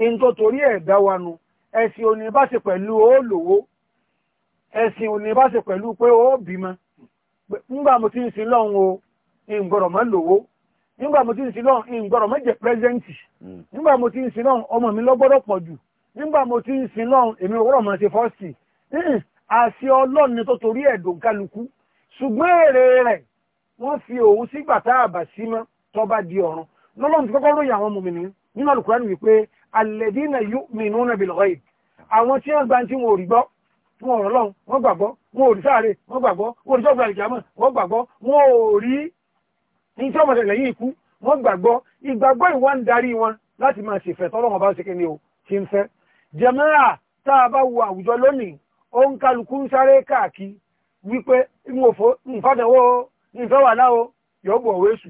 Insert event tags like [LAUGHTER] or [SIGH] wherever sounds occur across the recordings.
in tó torí ẹ̀ dá wa nu ẹ̀sìn ò ní bá ṣe pẹ̀lú ó lówó ẹ̀sìn ò ní bá ṣe pẹ̀lú pé ó bímọ nígbà mo ti ń sin lọ́hùn o ìgbọ̀rọ̀ mọ́ lówó nígbà mo ti ń sin lọ́hùn ìgbọ̀rọ̀ mọ́ jẹ́ pẹ́sẹ́ǹtì hmm. nígbà mo ti ń sin lọ́hùn ọmọ mi lọ́gbọ́dọ̀ pọ̀ jù nígbà mo ti ń sin lọ́hùn èmi òwúrọ̀ mọ́ ṣe fọ́ọ̀sì hmm, àṣẹ ọlọ́run ni tó torí ẹ̀dùn kálukú ṣùgbọ́n èrè rẹ̀ wọ́n fi òun sígbà tá àbà sí mọ́ tọ́ba di ọ̀run lọ́lọ́run ti kọ́kọ́ ròyìn àwọn mòmìnir nínú àlùkò alladhina yu'minuna bil ghaib àwọn tí wọ́n gba tí wọ́n ò rí gbọ́ wọn ọ̀rọ̀ lọ́hùn wọ́n gbàgbọ́ wọn ò rí sáré wọ́n gbàgbọ́ wọn ò rí sọ́gbà ìjàmọ̀ wọ́n gbàgbọ́ wọn ò rí ní tí ọmọ lẹ́yìn ikú wọ́n gbàgbọ́ ìgbàgbọ́ ìwà ń darí wọn láti máa ṣèfẹ́ tọ́lọ́wọ́n bá ṣe kíni o ti ń fẹ́ jẹmọ́ra tá a bá wo àwùjọ lónìí ó ń kálukú ń sáré káàkì wípé ìfọdẹ̀wọ́ ìfẹ́wà láwo yọ̀ọ́ bọ̀ wéṣù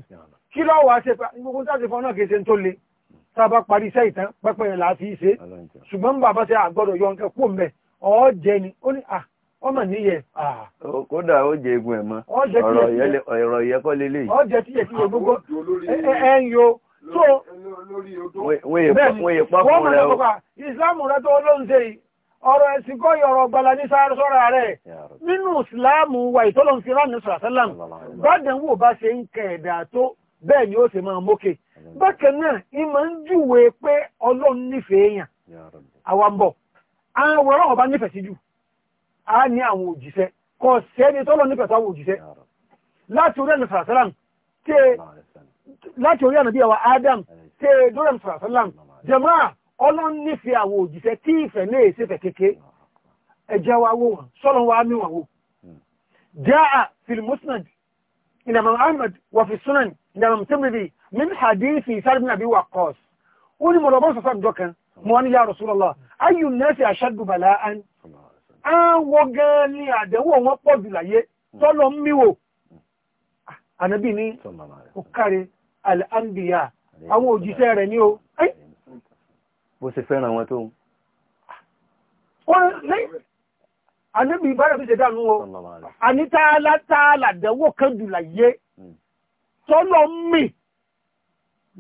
kí lọ́wọ́ àṣepá gbogbo táṣe fọ́ náà kì í ṣe ń tó le tá a bá parí iṣẹ́ ìtàn pẹ́pẹ́ yẹn làá fi ṣe ṣùgbọ́n bàbá ṣe àgbọ̀dọ̀ yọ nǹkan kú mbẹ ọ̀ jẹ ni ó ní à ọmọ níyẹ. kódà ó jẹ egun ẹ̀ mọ́ ọ̀rọ̀ yẹ kọ́ lélẹ̀ yìí. ọ̀jẹ̀ tí yẹ ti gbogbo ẹ̀ ń yo tó bẹ́ẹ̀ wọ́n mọ̀ nípa ìsìláàmù rẹ tó ló ń ṣe yìí ọ̀rọ̀ ẹ̀sìn kọ́ yọ ọ̀rọ̀ gbala ní sọ́ra rẹ̀ nínú ìsìláàmù wa ìtọ́lọ́ ń fi ránù bá dẹ̀ ń wò bá ṣe ń kẹ̀ẹ̀dà tó bẹ́ẹ̀ ni ó sì máa mókè bákan náà ní máa ń júwe pé ọlọ́run nífẹ̀ẹ́ èèyàn àwa ń bọ̀ àwọn ọlọ́run ọba nífẹ̀ẹ́ sí jù á ní àwọn òjíṣẹ́ kò sẹ́ni tọ́lọ́ nífẹ̀ẹ́ sáwọn òjíṣẹ́ láti orí ẹ̀nà sàrásálàm tí láti orí ẹ̀nà bí àwa Adam tí dórí ẹ̀nà sàrásálàm jàmáà ọlọ́run nífẹ̀ẹ́ àwọn òjíṣẹ́ tí ìfẹ́ lè ṣe fẹ̀ kéke ẹ̀jẹ̀ wa wò wọ́n sọ́lọ́ wa mí wọ́n wò. Hmm. jaa fil musnad imam Ahmed wa fi sunan ìdàmù tímìrì min hadithi Sa'd bin Abi Waqqas ó ní mọ̀lọ́bọ́ sọ́sọ́ ìjọ kan mọ́ ní ya Rasulullah ayù nẹ́ẹ̀sì ashaddu bala'an àwọn gan ni àdẹ̀wò wọn pọ̀ jù láyé tọ́lọ míwò ànábì ní ó kárí al-anbiya àwọn òjíṣẹ́ rẹ̀ ní o bó ṣe fẹ́ràn wọn tó ànábì bára fi ṣe dánú o àní tààlà tààlà àdẹ̀wò kan jù tọ́lọ mì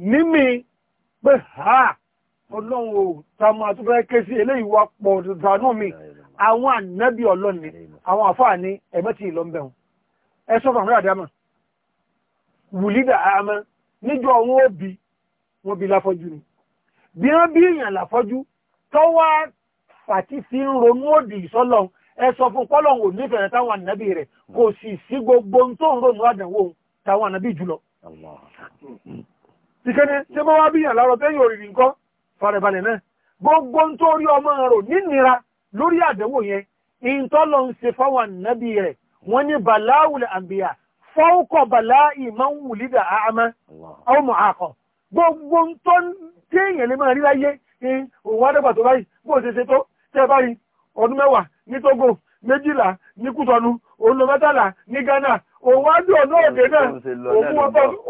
nímì pé ha ọlọ́run ò tàmà tó fẹ́ ké sí eléyìí wá pọ̀ dànù mi àwọn ànábì ọlọ́ni àwọn àfáà ní ẹ̀mẹ́tì ìlọ́mbẹ̀hún ẹ sọ fún àwọn àdámà wùlídà àmà níjọ wọn ó bí wọn bí láfọ́jú ni bí wọ́n bí èèyàn láfọ́jú tọ́wọ́ fàtí fi ń ronú òdì ìsọ́lọ́run ẹ sọ fún pọ́lọ́run ò nífẹ̀ẹ́ táwọn ànábì rẹ̀ kò sì sí gbogbo ohun tó ń ronú àdánwò òun tàwọn ànábì jùlọ ìkẹ́ni tí wọ́n wá bí yàn lárọ̀ tẹ́yìn òrìrì nǹkan farabalẹ̀ náà gbogbo ń tó rí ọmọ rò nínira lórí àdánwò yẹn ìtọ́lọ̀ ń ṣe fáwọn ànábì rẹ̀ wọ́n ní bàláwùlẹ̀ àbíyà fọ́ọ̀kọ̀ bàlá ìmáà wùlídà àmà ọmọ àkọ́ gbogbo ń tó téèyàn lè máa rí láyé òun tó báyìí bó olùmọ́tàlá ní Ghana òun á náà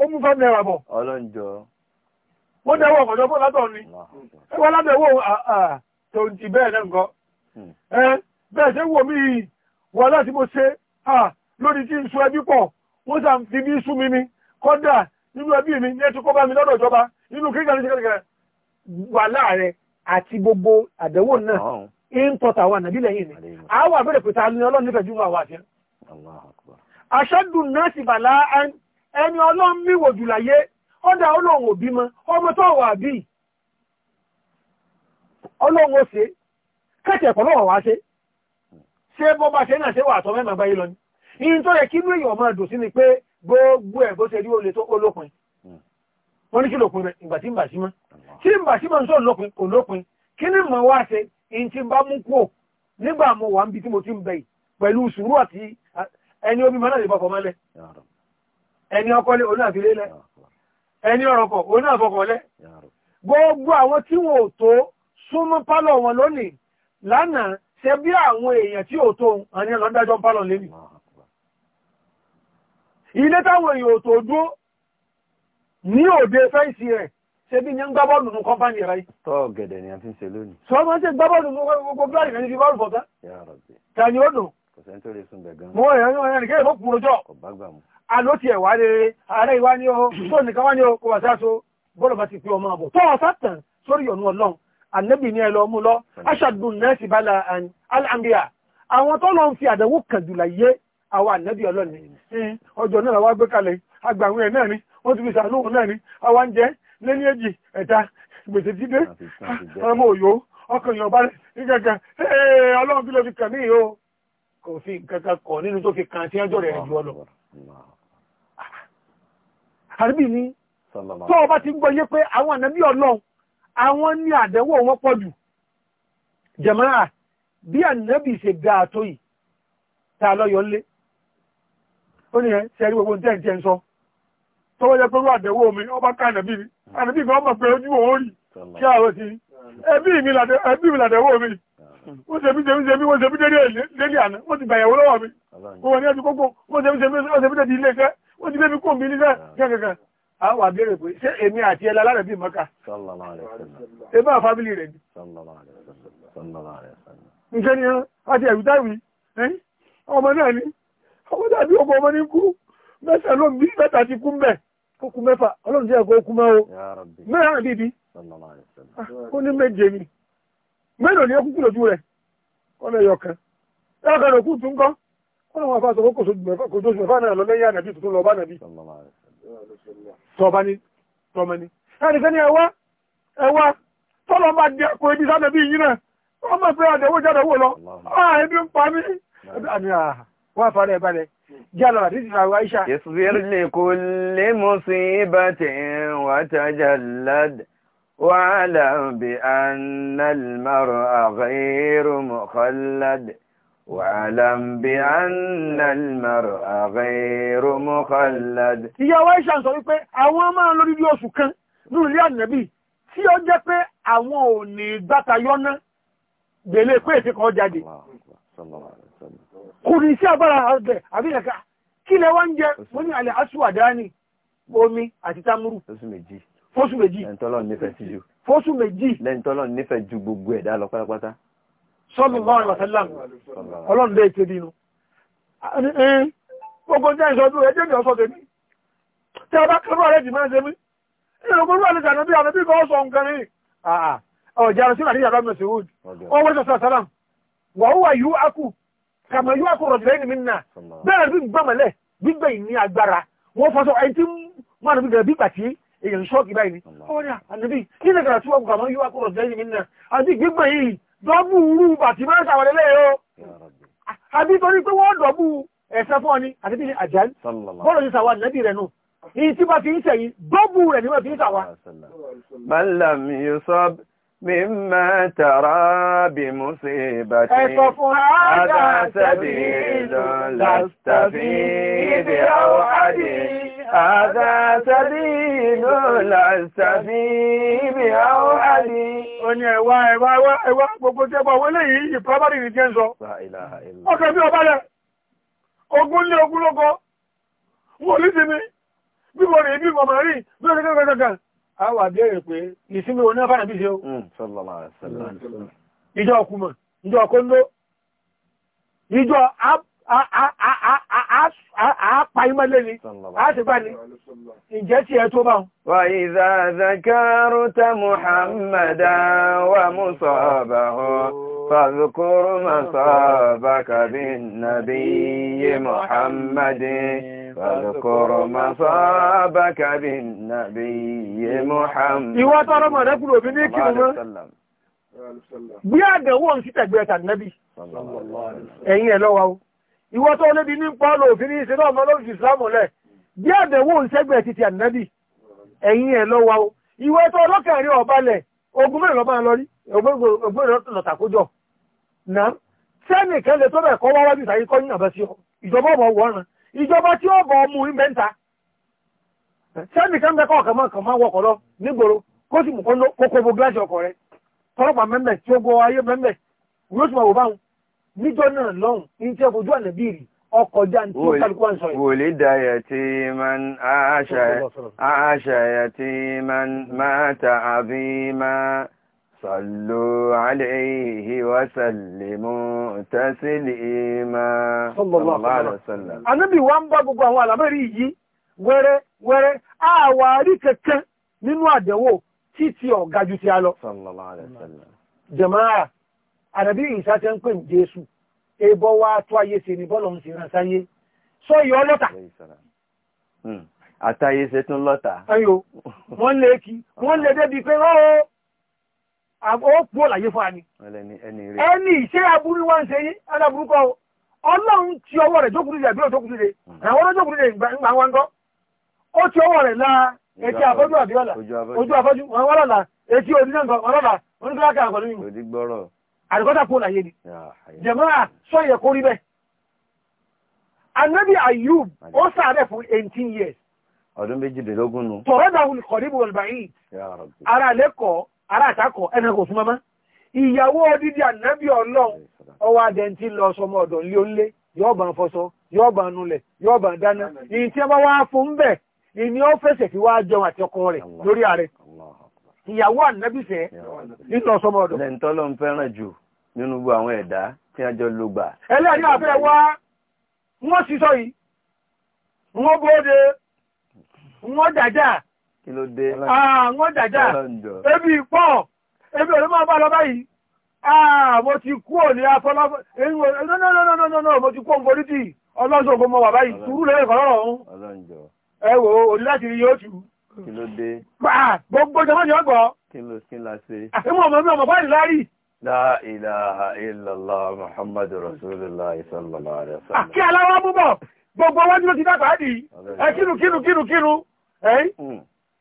ó mẹ́ra bọ̀. ọlọ́njọ́. mo dẹ́wọ́ ọ̀kọ̀jọ́ fún látọ̀ ni ẹ wá lábẹ́ wo ti bẹ́ẹ̀ náà nǹkan hmm. ẹ bẹ́ẹ̀ ṣe wò mí yìí wà láti mo ṣe lórí tí n sun ẹbí pọ̀ wọ́n sà fi bí sún mi mi kọ́dà nínú ẹbí mi ní ẹtú kọ́ bá mi lọ́dọ̀ ìjọba nínú aṣẹ́dùn náà sì bàlá ẹni ọlọ́run míwò jùláyé ọ̀dà ọlọ́run òbí mọ ọmọ tó wà bí ọlọ́run ó ṣe kẹ́tì ẹ̀kọ́ náà wá ṣe ṣé bó bá ṣe náà ṣe wà àtọ́ mẹ́màá báyé lọ ni ìyìn tó yẹ kí inú èèyàn máa dùn sí ni pé gbogbo ẹ̀ bó ṣe rí olè tó olópin hmm. wọ́n ní kí lòpin rẹ̀ ìgbà tí ń bà sí mọ́ tí mo wà ń bi tí ti pẹ̀lú sùúrù àti ẹni omi mọ́nà ìbọ̀kọ̀ mọ́lẹ̀ ẹni ọkọlẹ̀ onáàfilélẹ̀ ẹni ọ̀rọ̀kọ̀ onáàfọkọ̀lẹ̀ gbogbo àwọn tí wọn ò tó súnmọ́ pálọ̀ wọn lónìí lánàá ṣe bí àwọn èèyàn tí ò tó àní ọlọ́dájọ́ pálọ̀ lẹ́nu sebi táwọn èèyàn ò tó dúró ní òde fẹ́ǹsì rẹ̀ ṣe bí ní ń ni a fi ń ṣe ma ṣe gbá bọ́ọ̀lù nù gbogbo gbáàrì rẹ̀ ní fi bọ́ọ̀lù fọ̀tá. ta ni ó kò sẹ́ni tó lè sùn bẹ̀ gan. mo wọ ìrìn àwọn ẹnìkẹ́ ìmọ̀ kúrò jọ. kò bá gbà mú. àló tiẹ̀ wá rere ààrẹ ìwá ni o tó nìkan wá ni o kò wá sáso bọ́ọ̀lù bá ti fi ọmọ àbọ̀ tó ọ̀sá tàn sórí ọ̀nù ọlọ́run ànábì ni ẹ lọ mú lọ aṣàdùn nẹ́ẹ̀sì bala alambia àwọn tó lọ ń fi àdánwò kàn jù láyé àwọn ànábì ọlọ́run ni ọjọ́ náà wá gbé kalẹ̀ agbàwìn ẹ̀ náà ni wọ́n ti fi sàánú náà ni àwọn ń jẹ́ lé ní èjì ẹ̀ta gbèsè dídé ọmọ òyò ọkàn yọ̀ọ̀bá rẹ̀ ní kankan ọlọ́run bí ló fi kàn ní ìhó kò fi kankan kọ̀ nínú tó fi kan tí ẹjọ́ rẹ̀ jù ọ lọ. àríbì ni tó o bá ti gbọ́ yé pé àwọn ànábì ọlọ́run àwọn ní àdẹ́wò wọn pọ̀ jù jẹ̀mọ́ra bí ànábì ṣe dá a tó yìí tá a lọ́yọ̀ lé ó ní ẹ ṣe rí gbogbo ní tẹ́ǹtẹ́ ń sọ tó wọ́n jẹ́ pé wọ́n àdẹ́wò mi ọba ká ànábì mi ànábì mi ọmọ pé ojú òórì kí àwọn ti ẹbí mi làdẹ́wò mi wọ́n ṣe bí ṣe bí ṣe bí wọ́n ṣe bí délé àná wọ́n ti gbàyàwó lọ́wọ́ mi wọ́n ní ẹbí kókó wọ́n ṣe bí ṣe bí wọ́n ṣe bí délé ilé iṣẹ́ wọ́n ti gbé mi kó mi níṣẹ́ ah. kẹ́kẹ́kẹ́ àwọn àbẹ̀rẹ̀ pé ṣé èmi àti ẹlẹ́ alárẹ̀ bíi mọ́ká ẹbá fábílì rẹ̀ ni. nǹkan ni àti ẹ̀rù dáwì ọmọ náà ni ọmọ dàbí ọmọ ọmọ ní kú mẹ́ta ló ń bí mẹ́ta ti kú mbẹ́ kó kú mẹ́fà ọlọ́run jẹ́ ẹ̀kọ́ kú mẹ́ o mẹ́rin àbíbí kó ah, ní méje ni mélòó ni ó kúkú lójú rẹ̀ ọ̀nà ẹ̀yọ̀ kan ẹ̀yọ̀ kan ló kú tún kọ́ wọ́n wọn fà sọ kó kòtò oṣù mẹ́fà náà lọ lẹ́yìn ànàbí tuntun lọ bá nàbí tọ́ba ni tọ́mọ ni ẹnìkan ni ẹwà ẹwà tọ́lọ́ bá di ẹ̀kọ́ ibi sánàbí yìí náà wọ́n mọ̀ pé àdẹ̀wò jádẹ̀wò lọ ẹbí ah, ń pa mí àmì àhà wọ́n àfàrẹ̀ balẹ̀ jálọ̀ àti ti sàrọ̀ àìṣà. ìsúfìrì lè kó lè mú sí ibà tẹ̀ wọ́n tajà ládàá. واعلم بأن المرء غير مخلد واعلم بأن المرء غير مخلد ìyàwó Aisha ń sọ wípé àwọn máa ń lórí bí oṣù kan nínú ilé ànábì tí ó jẹ́ pé àwọn ò ní gbáta yọ́nà gbèlè pé èsì kan jáde kò ní sí agbára ọ̀dẹ̀ àbí ìyàká kí lẹ wá ń jẹ mo ní àlẹ́ aṣọ àdáni omi àti támúrù. oṣù méjì fóṣù méjì lẹ́ntọ́lọ́ nífẹ̀ẹ́ sí ju fóṣù méjì lẹ́ntọ́lọ́ nífẹ̀ẹ́ ju gbogbo ẹ̀dá lọ pátápátá. sallallahu alaihi wasallam ọlọ́run lè ṣe dínú. gbogbo jẹ́ ìṣọ́jú rẹ̀ jẹ́ ìṣọ́ tèmi tí a bá kẹ́rọ̀ rẹ̀ jì máa ń ṣe mí. ìrìn ògbóró àlejò ànábì ànábì kan sọ nǹkan ní. ọ̀jà rẹ̀ sí ìrìn àbá mi sèwúd wọ́n wọ́n sọ sàlám wàhùwà yú akú kàmá yú akú rọ̀jùlẹ́yìn mi nà bẹ́ẹ̀ ni gbàmọ̀lẹ̀ gbígbẹ̀yìn ní agbára wọ́n fọ́sọ̀ ẹni tí wọ́n àdúgbò bí pàtí èèyàn ṣọ́ọ̀kì báyìí ni ọwọ́ ni ànábì kí ni kàràtí wọ́n kàmọ́ yíwá kọ̀rọ̀ sẹ́yìn mi náà àti gbígbẹ̀ yìí dọ́bù rú bàtí máa ń sàwọn ilé o àbí torí pé wọ́n dọ̀bù ẹ̀sẹ̀ fún ọ ni àti bí àjálù bọ́ọ̀lù ti sàwọn ànábì rẹ̀ nù ìyí tí bá ti ń sẹ̀yìn dọ́bù rẹ̀ ni wọ́n ń sàwọn. malam yusuf مما ترى بمصيبة هذا سبيل لست فيه بأوحدي هذا سبيل لست فيه بأوحد Oní ẹ̀wà ẹ̀wà ẹ̀wà gbogbo tí ẹgbà wọlé yìí yìí pọ́bárì ní jẹ́ ń sọ. Ọkọ̀ bí ọba rẹ̀, ogún lé ogún lóko, wọ́n ní sí mi, bí mo rí bí mo mọ̀ rí, bí ó kẹ́kẹ́ kẹ́kẹ́. A wà bẹ́ẹ̀rẹ̀ pé ìsinmi ṣe o. Mm, ìjọ ọkùnmọ̀, ìjọ ìjọ àápa imọ́ lẹ́ni àti bá ní ìjẹ́ tí ẹ tó bá wọn. wà ìzà zakarú ta muhammadu wa musabahu fàzukuru masabaka bin nabiyyi muhammadin. فاذكر مصابك بالنبي محمد ìwọ tọrọ mọ̀ rẹ́kùnrin òbí ní kí ọmọ bí àdẹ̀wọ̀n sí tẹ̀gbẹ̀ẹ́ta nẹ́bí ẹ̀yìn ẹ̀lọ́wà o ìwọ́ tó lébi ní pọ́ọ̀lù òfin ní ìṣẹ́ náà mọ́lọ́rù jù islam lẹ̀ bí àdẹ̀wò ìṣẹ́gbẹ̀ títí ànábì ẹ̀yìn ẹ̀ lọ́wọ́ o ìwọ́ tó ọlọ́kẹ̀rin ọ̀balẹ̀ ogun mẹ́rin lọ́ba lọ rí ogun mẹ́rin lọ́ta kójọ náà sẹ́nìkan lè tó bẹ̀ kọ́ wá wájú ìsàyí kọ́yìn àbẹ́ sí ìjọba ọ̀bọ̀ wọ́ran ìjọba tí ó bọ̀ ọmú ìmẹ́ta sẹ́nìkan bẹ́ kọ́ ọ̀kan máa kàn máa wọkọ̀ lọ nígboro kó sì mú kókó bo gíláàsì ọkọ̀ rẹ̀ tọ́lọ́pàá mẹ́mẹ́ tí ó gbọ́ ayé mẹ́mẹ́ yóò sì máa wò báwọn níjọ́ náà lọ́hùn ní tí ẹ fojú ànàbí rí ọkọ̀ já ní tí kálukú à yìí. wòlé dayà tí man àṣàyà tí máa ta àbí máa sọ̀lù aláìhí wá sàlìmù tásílì ìmá sọ̀lọ́lá àlọ́sọ̀lá. ànábì wa ń bá gbogbo àwọn àlámẹ́rí yìí wẹ́rẹ́ wẹ́rẹ́ àwárí kankan nínú àdẹ̀wò títí ọ̀gájú ti a lọ. sọ̀lọ́lá àlọ́sọ̀lá. jẹ̀máà àdàbí ìsá tẹ́ ń pè ní jésù ebọ́ wá tó ayé ṣe ní bọ́ọ̀lù ń ṣe ràn sáyé sọ yọ lọ́tà. Hmm. àtàyè ṣe tún lọ́tà. ayo wọ́n lé kí wọ́n lé débi pé ó kú òlàyé fún ani. ẹni ìṣe aburú wá ń ṣe yí aláburúkọ ọlọ́run ti ọwọ́ rẹ̀ jókòó rẹ̀ àbíọ̀ jókòó rẹ̀ hmm. àwọn ọlọ́run jókòó rẹ̀ wọn gọ́ ó ti ọwọ́ rẹ̀ láà etí afọ́jú àbíọ́là ojú afọ́jú wọn wọ́lọ́là etí onínáǹkan ọlọ́là onígbàkà àkọ́lẹ́yìn. àríkọ́tà kó láyé ni jẹ̀máà sọ yẹ kó rí bẹ́ẹ̀ anabi ayub ó sàárẹ̀ fún 18 years ọdún méjìdínlógún nù tọ̀rọ̀dà ara lẹ́kọ̀ọ́ ara àtàkọ̀ ẹnà kò ìyàwó anabi ọlọ́run ọwọ́ adẹ́ntì lọ sọmọ ọ̀dọ̀ nlé onlé yóò bá ń fọṣọ yóò bá ń nulẹ̀ yóò bá ń dáná ìyìn tí a bá wá fún bẹ́ẹ̀ n'i ó fẹsẹ̀ fi wá jẹun àti ọkọ rẹ̀ lórí ààrẹ ìyàwó ànábìfẹ́ nítorí ọsọmọ ọdọ. lẹ́ǹtọ́ ló ń fẹ́ràn jù nínú gbogbo àwọn ẹ̀dá tí a jọ ló gbà. ẹlẹ́rìí àfẹ́ wá wọ́n sísọ yìí wọ́n bóde wọ́n dàjà kí ló dé wọ́n dàjà ebi pọ̀ ebi òní máa bá lọ báyìí mo ti kú òní afọlọ́fọ́ mo ti kú òní polítì ọlọ́sọ̀gbọ́n mọ̀ wà báyìí sùúrù lẹ́yìn kọ́lọ́rọ̀ ọ̀hún ẹ wò ó òní láti rí yóò tù ú kí ló dé. Ah, gbogbo ìjọba ni wọ́n gbọ́. kí ló kí la ṣe. àfihàn ọmọ mi ọmọ báyìí lárí. la ilaha illallah muhammadu rasulillah sallallahu alaihi wa sallam. àkí ah, aláwọ̀ búbọ̀ gbogbo wọn ló ti dàgbà á di ẹ kírun kírun kírun kírun hmm.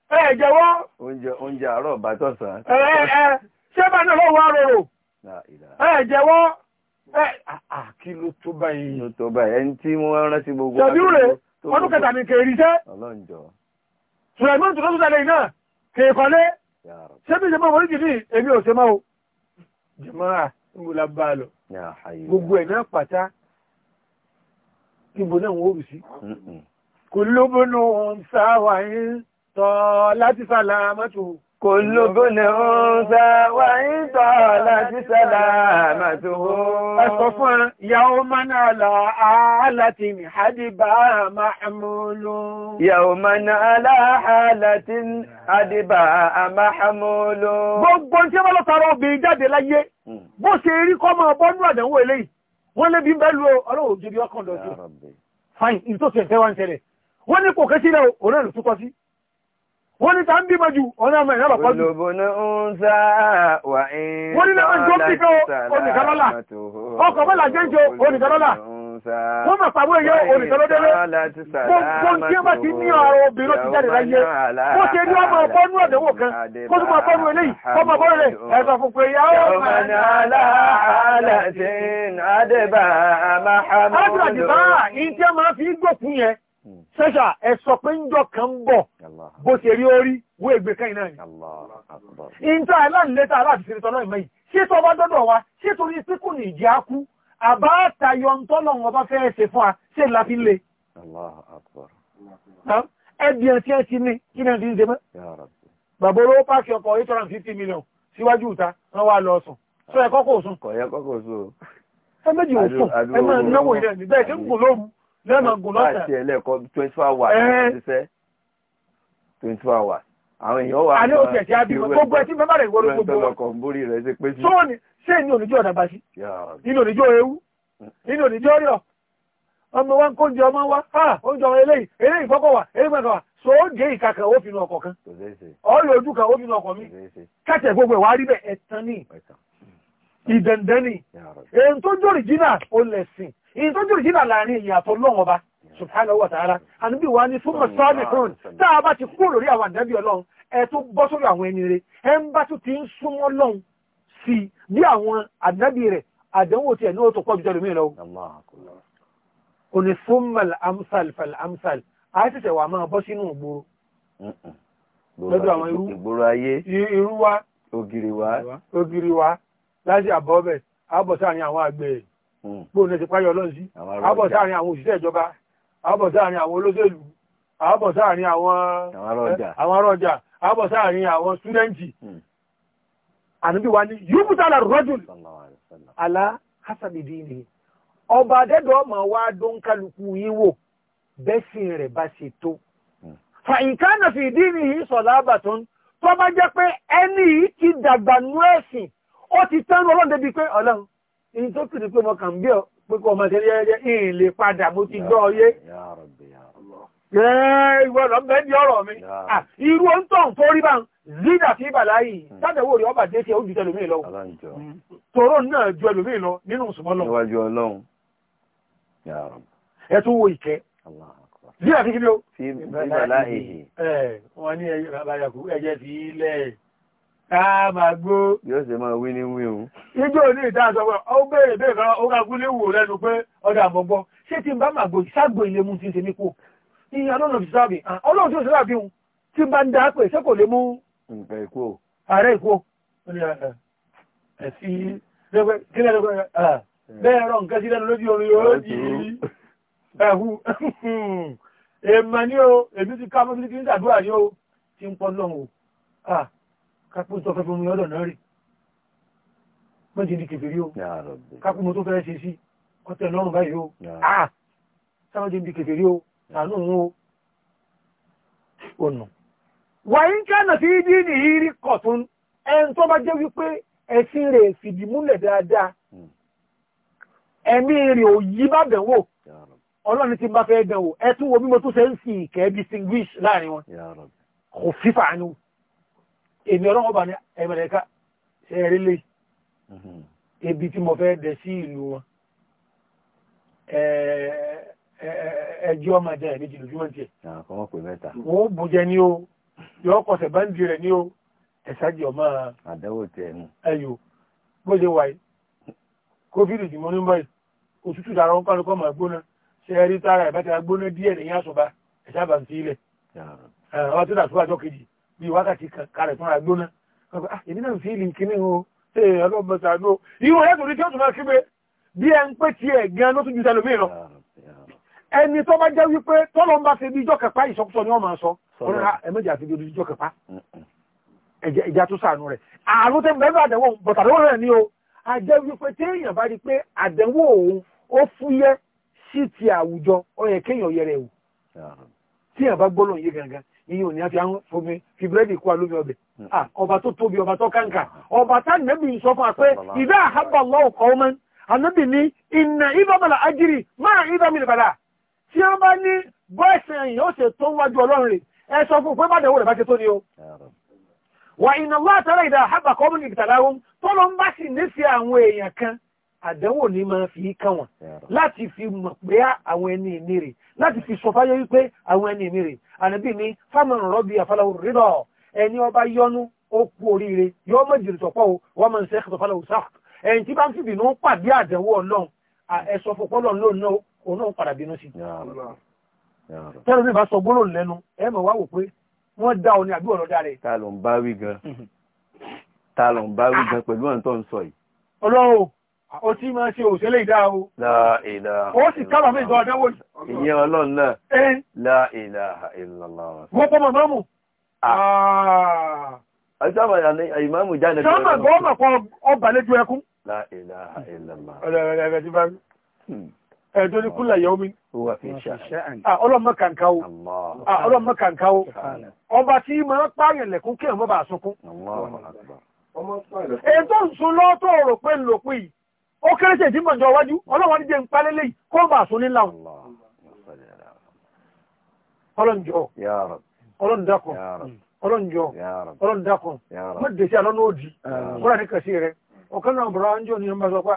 ẹ ẹ jẹ́wọ́. oúnjẹ oúnjẹ àárọ̀ bàtọ̀ sàn. ẹ ẹ ṣé bá náà lọ́wọ́ àròrò ẹ jẹ́wọ́ kí ló tó báyìí. ló tó báyìí ẹni tí wọ́n rántí gbogbo. ṣèbí rè ọdún kẹta ni kèrè iṣẹ́. ọlọ́njọ́. Sùlẹ̀mọ́n tó lọ́sùn lẹ́yìn náà kèèkọ́lé ṣébí ṣe máa wọ́n jì èmi ò ṣe máa o jàmáà níbo la bá a lọ gbogbo ẹ̀ náà pàtá níbo náà wọ́n rù sí. kò lóbónú sáwà yín tọ́ láti sàlámọ́tò Kòlógún ni ó ń sá wá ń tọ́ láti sálà màtò hó. Ẹ sọ fún ẹ, yàwó mánà àlà àálàtì ní àdìbà àmàhàmúlù. Yàwó mánà àlà àálàtì ní àdìbà àmàhàmúlù. Gbogbo tí wọ́n lọ tara obìnrin jáde láyé, hmm. bó ṣe rí kọ́ máa bọ́ àdánwò eléyìí, wọ́n lébi bẹ́ẹ̀ lu ọlọ́wọ́ òjòdì ọkàn dọ̀tí. Fáìn, ìtòsí ẹ̀fẹ́ ń ṣẹlẹ̀. Wọ́n ní kò kẹ́sílẹ̀ òun náà lò túkọ́ sí wọ́n ní tàbí bímọ jù ọ̀nà àmà ìyá bàbá jù. olùbọ̀nà ń sá wà ń sá wọ́n ní lẹ́wọ̀n tó ń pìkọ́ oníkàlọ́là ọkọ̀ bọ́là jẹ́jọ oníkàlọ́là wọ́n mọ̀ pàbó ẹyẹ oníkàlọ́dẹ́rẹ́ gbogbo tí ó bá ti ní ọ̀rọ̀ obìnrin ti jáde láyé ó ṣe ní ọmọ ọbọ́nú ọ̀dẹ́wò kan kó tó máa bọ́nú eléyìí ọmọ bọ́nú rẹ̀ ẹ̀sọ̀ fúnfún ẹ̀yà ó máa ní àlàálà tí ń adébà máa hàmúdù ṣẹ́ṣà ẹ sọ pé ń jọ kan bọ̀ bó ṣe rí orí wó ègbè kan náà ni. ìta aláǹlẹ́ta aláàbìsírí tọ́lọ́ ìmọ̀ yìí ṣé tó bá dọ́dọ̀ wa ṣé torí pé kò ní ìjẹ́ akú àbá àtayọ ń tọ́lọ̀ wọn bá fẹ́ ṣe fún wa ṣé la fi le. ẹbí ẹ tí ẹ ti ní kí ni ẹ ti ń ṣe mọ́. bàbá olówó páàkì ọkọ̀ eight hundred and fifty million síwájú ìta wọ́n wá lọ sùn sọ ẹ̀kọ́ kò sùn. kọ̀ọ̀yẹ́ kọ́kọ́ twenty four hours twenty four hours àwọn èèyàn wà. alẹ́ òkè ẹ̀sẹ̀ abimọ gbogbo ẹtí mẹ́fà rẹ̀ gbogbo wọn. lọ́kọ̀ ń borí rẹ̀ ṣe pé sí. sóòní ṣé ní oníjọ́ ọ̀dàgbà sí. inú oníjọ́ ewu inú oníjọ́ yọ̀ ọmọ wa ń kó oúnjẹ ọmọ wa oúnjẹ ọmọ eléyìí eléyìí kọ́kọ́ wà eléyìí kọ́kọ́ wà so ó jẹ́ in tó jùrù jílà láàrin ìyàtọ̀ lọ́wọ́ bá subhanahu wa àníbí wa ní fún mọ̀sánìkún táà bá ti kúrò lórí àwọn ànábì ọlọ́run ẹ tó bọ́ sórí àwọn ẹni rẹ̀ ẹ ń bá tún ti ń súnmọ́ lọ́run sí bí àwọn ànábì rẹ̀ àdánwò tiẹ̀ ní ó tó pọ̀ lọ. kò ní fún mal amsal fal amsal a wà máa bọ́ sínú ìgboro. lọ́dọ̀ àwọn irú gbóòrùn hmm. ẹ̀sìn páyọ̀ ọlọ́run sí àbọ̀ sáàrin àwọn òṣìṣẹ́ ìjọba àbọ̀ sáàrin àwọn olóṣèlú àbọ̀ sáàrin àwọn arọ́jà àbọ̀ sáàrin àwọn eh, súdẹ́ǹtì hmm. ànúbí wa ní yúbútàlà rọ́dùn alá hasabidi ni ọba adẹ́dọ̀ ma wá dún kálukú yín wò bẹ́sìn rẹ̀ bá ṣe tó hmm. fa ìkánà fi ìdí ni yìí sọ̀lá àbàtún tó bá jẹ́ pé ẹni yìí ti dàgbà nú ẹ̀sìn ó ti tẹ́nu ọlọ́run débi pé ọlọ́run èyí tó kìrì pé mo kàn bí ọ pé kó ọmọ ìṣẹ́lẹ̀ ẹ̀rẹ́ ìyìn lè padà mo ti gbọ́ ọyé ìwọ lọ bẹ́ẹ̀ ní ọ̀rọ̀ mi irú ohun tó ń torí bá ń zida sí ìbàlá yìí hmm. sádẹ̀wò rí ọba dé tí ó ju tẹlómi lọ hmm. tòró náà ju ẹlòmí lọ nínú ìsúnmọ́ lọ. ni ó. sí ìbàlá yìí. ẹ Àmàgbó. Yóò ṣe máa wí ní wí o. Ijó ní ìta sọ pé ó béèrè béèrè kan ó ká gúlé wò lẹ́nu pé ọdọ àmọ́gbọ́. Ṣé tí n bá màgbó ságbo ilé mu ti ṣe mí kú? Ìyá ọlọ́run ti sáàbì. Ọlọ́run tí ó sáàbì hun tí bá ń da pé ṣé kò lè mú. Nǹkan ìkó. Ààrẹ ìkó. Ẹ̀sí kílẹ̀ ló bẹ́ẹ̀ rọ nǹkan sí lẹ́nu lójú orin yóò di ẹ̀hù. Èèmọ̀ ni o, èmi ti ká mọ́tò kápún tó fẹ́ fún mi ọ̀dọ̀ náà rè mọ́jì ní kèfèrí o kápún mo tó fẹ́ ṣe sí ọ̀tẹ̀ o ah sáwọ́jì ní kèfèrí o àánú òun o ọ̀nà wàyí ń kánà sí ìdí nìyí rí kọ̀tún ẹn tó bá jẹ́ wípé ẹ̀sìn rẹ̀ fìdí múlẹ̀ dáadáa hmm. ẹ̀mí rẹ̀ ò yí bá dẹ̀wò ọlọ́ni ti bá fẹ́ dẹ̀wò ẹ̀ tún wo bí mo tún ṣe ń fi ìkẹ́ distinguish láàrin wọn kò fífà ni èmi ọlọ́wọ́ bá ní ẹ̀mẹ̀rẹ̀ká ṣẹ̀rẹ̀lẹ̀ ibi tí mo fẹ́ dẹ̀ sí ìlú wọn ẹjọ́ ọmọ jẹ́ ẹ̀mí jìlójú wọn tiẹ̀ wọ́n bù jẹ ní o yọ ọkọ̀ọ̀sẹ̀ rẹ̀ ní o ẹ̀sájì ọmọ ẹyọ bó ṣe ní òtútù gbóná ṣe tára gbóná díẹ̀ àṣọba ń fi ilẹ̀ ọtí bí wákàtí kàrẹ̀ fúnra gbóná ah, èmi náà fi ìlì kíní o ṣe ọlọ́mọta àdó irú ẹ̀tọ́ ní tí ó tún máa kíbe bí ẹ ń pé tiẹ̀ gan ló tún ju tẹlómi lọ ẹni tó bá jẹ́ wípé tọ́lọ́ ń bá fi bí ijọ́ kẹpa ìsọkúsọ ni wọ́n máa sọ ọlọ́ra ẹ̀mẹ́jà fi bí ijọ́ kẹpa ìjà tó sànù rẹ̀ àrùn tẹ́ bẹ́ẹ̀ bá àdánwò bọ̀tàdánwò rẹ̀ ni o àjẹ́ wípé téèyàn bá rí pé àdánwò òun iye òní àti àwọn fomi fi búrẹ́dì kú alómi ọbẹ̀ hmm. ah, ọba tó tóbi ọba tó kàǹkà ọba tá nẹ́bì ń sọ fún wa pé ìdá àhábà lọ́wọ́ kọ́ ọmọ ànábì ní ìnà ìbámọ̀lá ajírí máa ìbámi ìbàdà tí wọ́n bá ní bọ́ẹ̀sì ẹ̀yìn ó ṣe tó ń wájú ọlọ́run rè ẹ sọ fún pé bàdàwó rẹ̀ bá ṣe tó ní o. wà ìnà látara ìdá àhábà kọ́ ọmọ ìgbìtàláwọ́ ń bá sì nífẹ̀ẹ́ àdánwò ní máa fi kàn wọ́n láti fi mọ̀ pé àwọn ẹni ìní rè láti fi sọ fáyọ́ wípé àwọn ẹni ìní rè ànábì ní fámọ̀ràn rọ́bì àfàlàwò rírọ̀ ẹni ọba yọnu ó kú oríire yọ mọ̀ jìrì tọ̀pọ̀ o wọ́n máa ń sẹ́kì tọ̀fàlàwò sáà ẹni tí bá ń fìbínú pàdé àdánwò ọlọ́run ẹ̀sọ́ fọpọ́lọ́ lónà òun náà padà bínú sí tẹ́lẹ̀ mi bá sọ gbólóhùn ó tí máa ṣe òṣèlé ìdá o. láìlá. ó sì kábà méjì ọdẹ́wò yìí. ìyẹn ọlọ́run náà. ẹ́ láìlá ìlàlá. wọ́n pọ́ màmá mù. àìsàn ìmáàmù jáde. sọ́mà gọ́ọ̀mà kan ọba lójú ẹkún. láìlá ìlàlá. ọ̀rẹ́rẹ́rẹ́ ti bá rí. Hmm. ẹ̀ẹ́dọ́ ní kúlà yẹ́wó mi. wà fi ṣàṣàn. Ah, ọlọ́mọ kàǹkà o. Ah, ọlọ́mọ kàǹkà o. ọba tí máa pààyàn lẹ̀kún kí ọmọ bá a sunkún. ọmọ pààyàn lẹ̀kún. ètò ìsúnlọ́tọ̀ rò pé ńlọpẹ́ yìí ó kéré sí ìdí mọ̀jọ wájú ọlọ́wọ́n ní jẹ́ ń pálẹ́ lẹ́yìn kó bá sún nílá ọlọ́njọ́ ọlọ́ndakọ̀ ọlọ́njọ́ ọlọ́ndakọ̀ mọ́dé sí alọ́nà òdì ní kẹsí rẹ náà bọ̀rọ̀ ọjọ́ ní ọmọ sọpá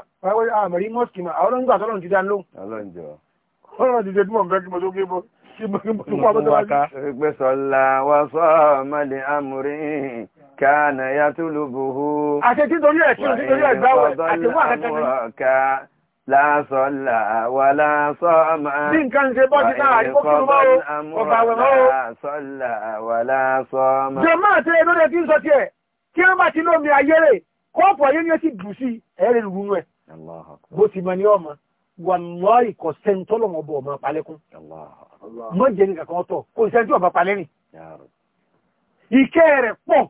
àmàrí mọ́sìkì mà àwọn ọ̀rọ̀ dìde bí wọ́n fẹ́ kí mo tó gbé bọ́ Gbẹ́sọ̀lá wa sọ mẹ́lì amúrí kánà ya túlùbùhú. Àti títorí ẹ̀ tí ó ẹ̀ gbáwẹ̀ àti wà kẹ́kẹ́ Lásọ̀lá wà lásọ̀ máa. Bí nǹkan ṣe bọ́ sí náà àríkò kí ló mọ́ ọba wẹ̀ mọ́ o. Lásọ̀lá wà lásọ̀ máa. Jẹ́ máa tẹ́ rẹ̀ kí ń sọ tiẹ̀, kí wọ́n bá ti lómi ayé rẹ̀, kọ́ọ̀pù ayé ni ó sì dùn sí ẹ̀rẹ̀ lùrù rẹ̀. Bó ti mọ ni ọmọ wàlúwàá ikọ̀ sẹ́ńtọ́lọ̀ ọba ọmọ palẹ́kún mọ́jẹ́ ní kankan ọ̀tọ̀ kò sẹ́ńtọ́ ọba palẹ́rìn ìkẹ́ rẹ̀ pọ̀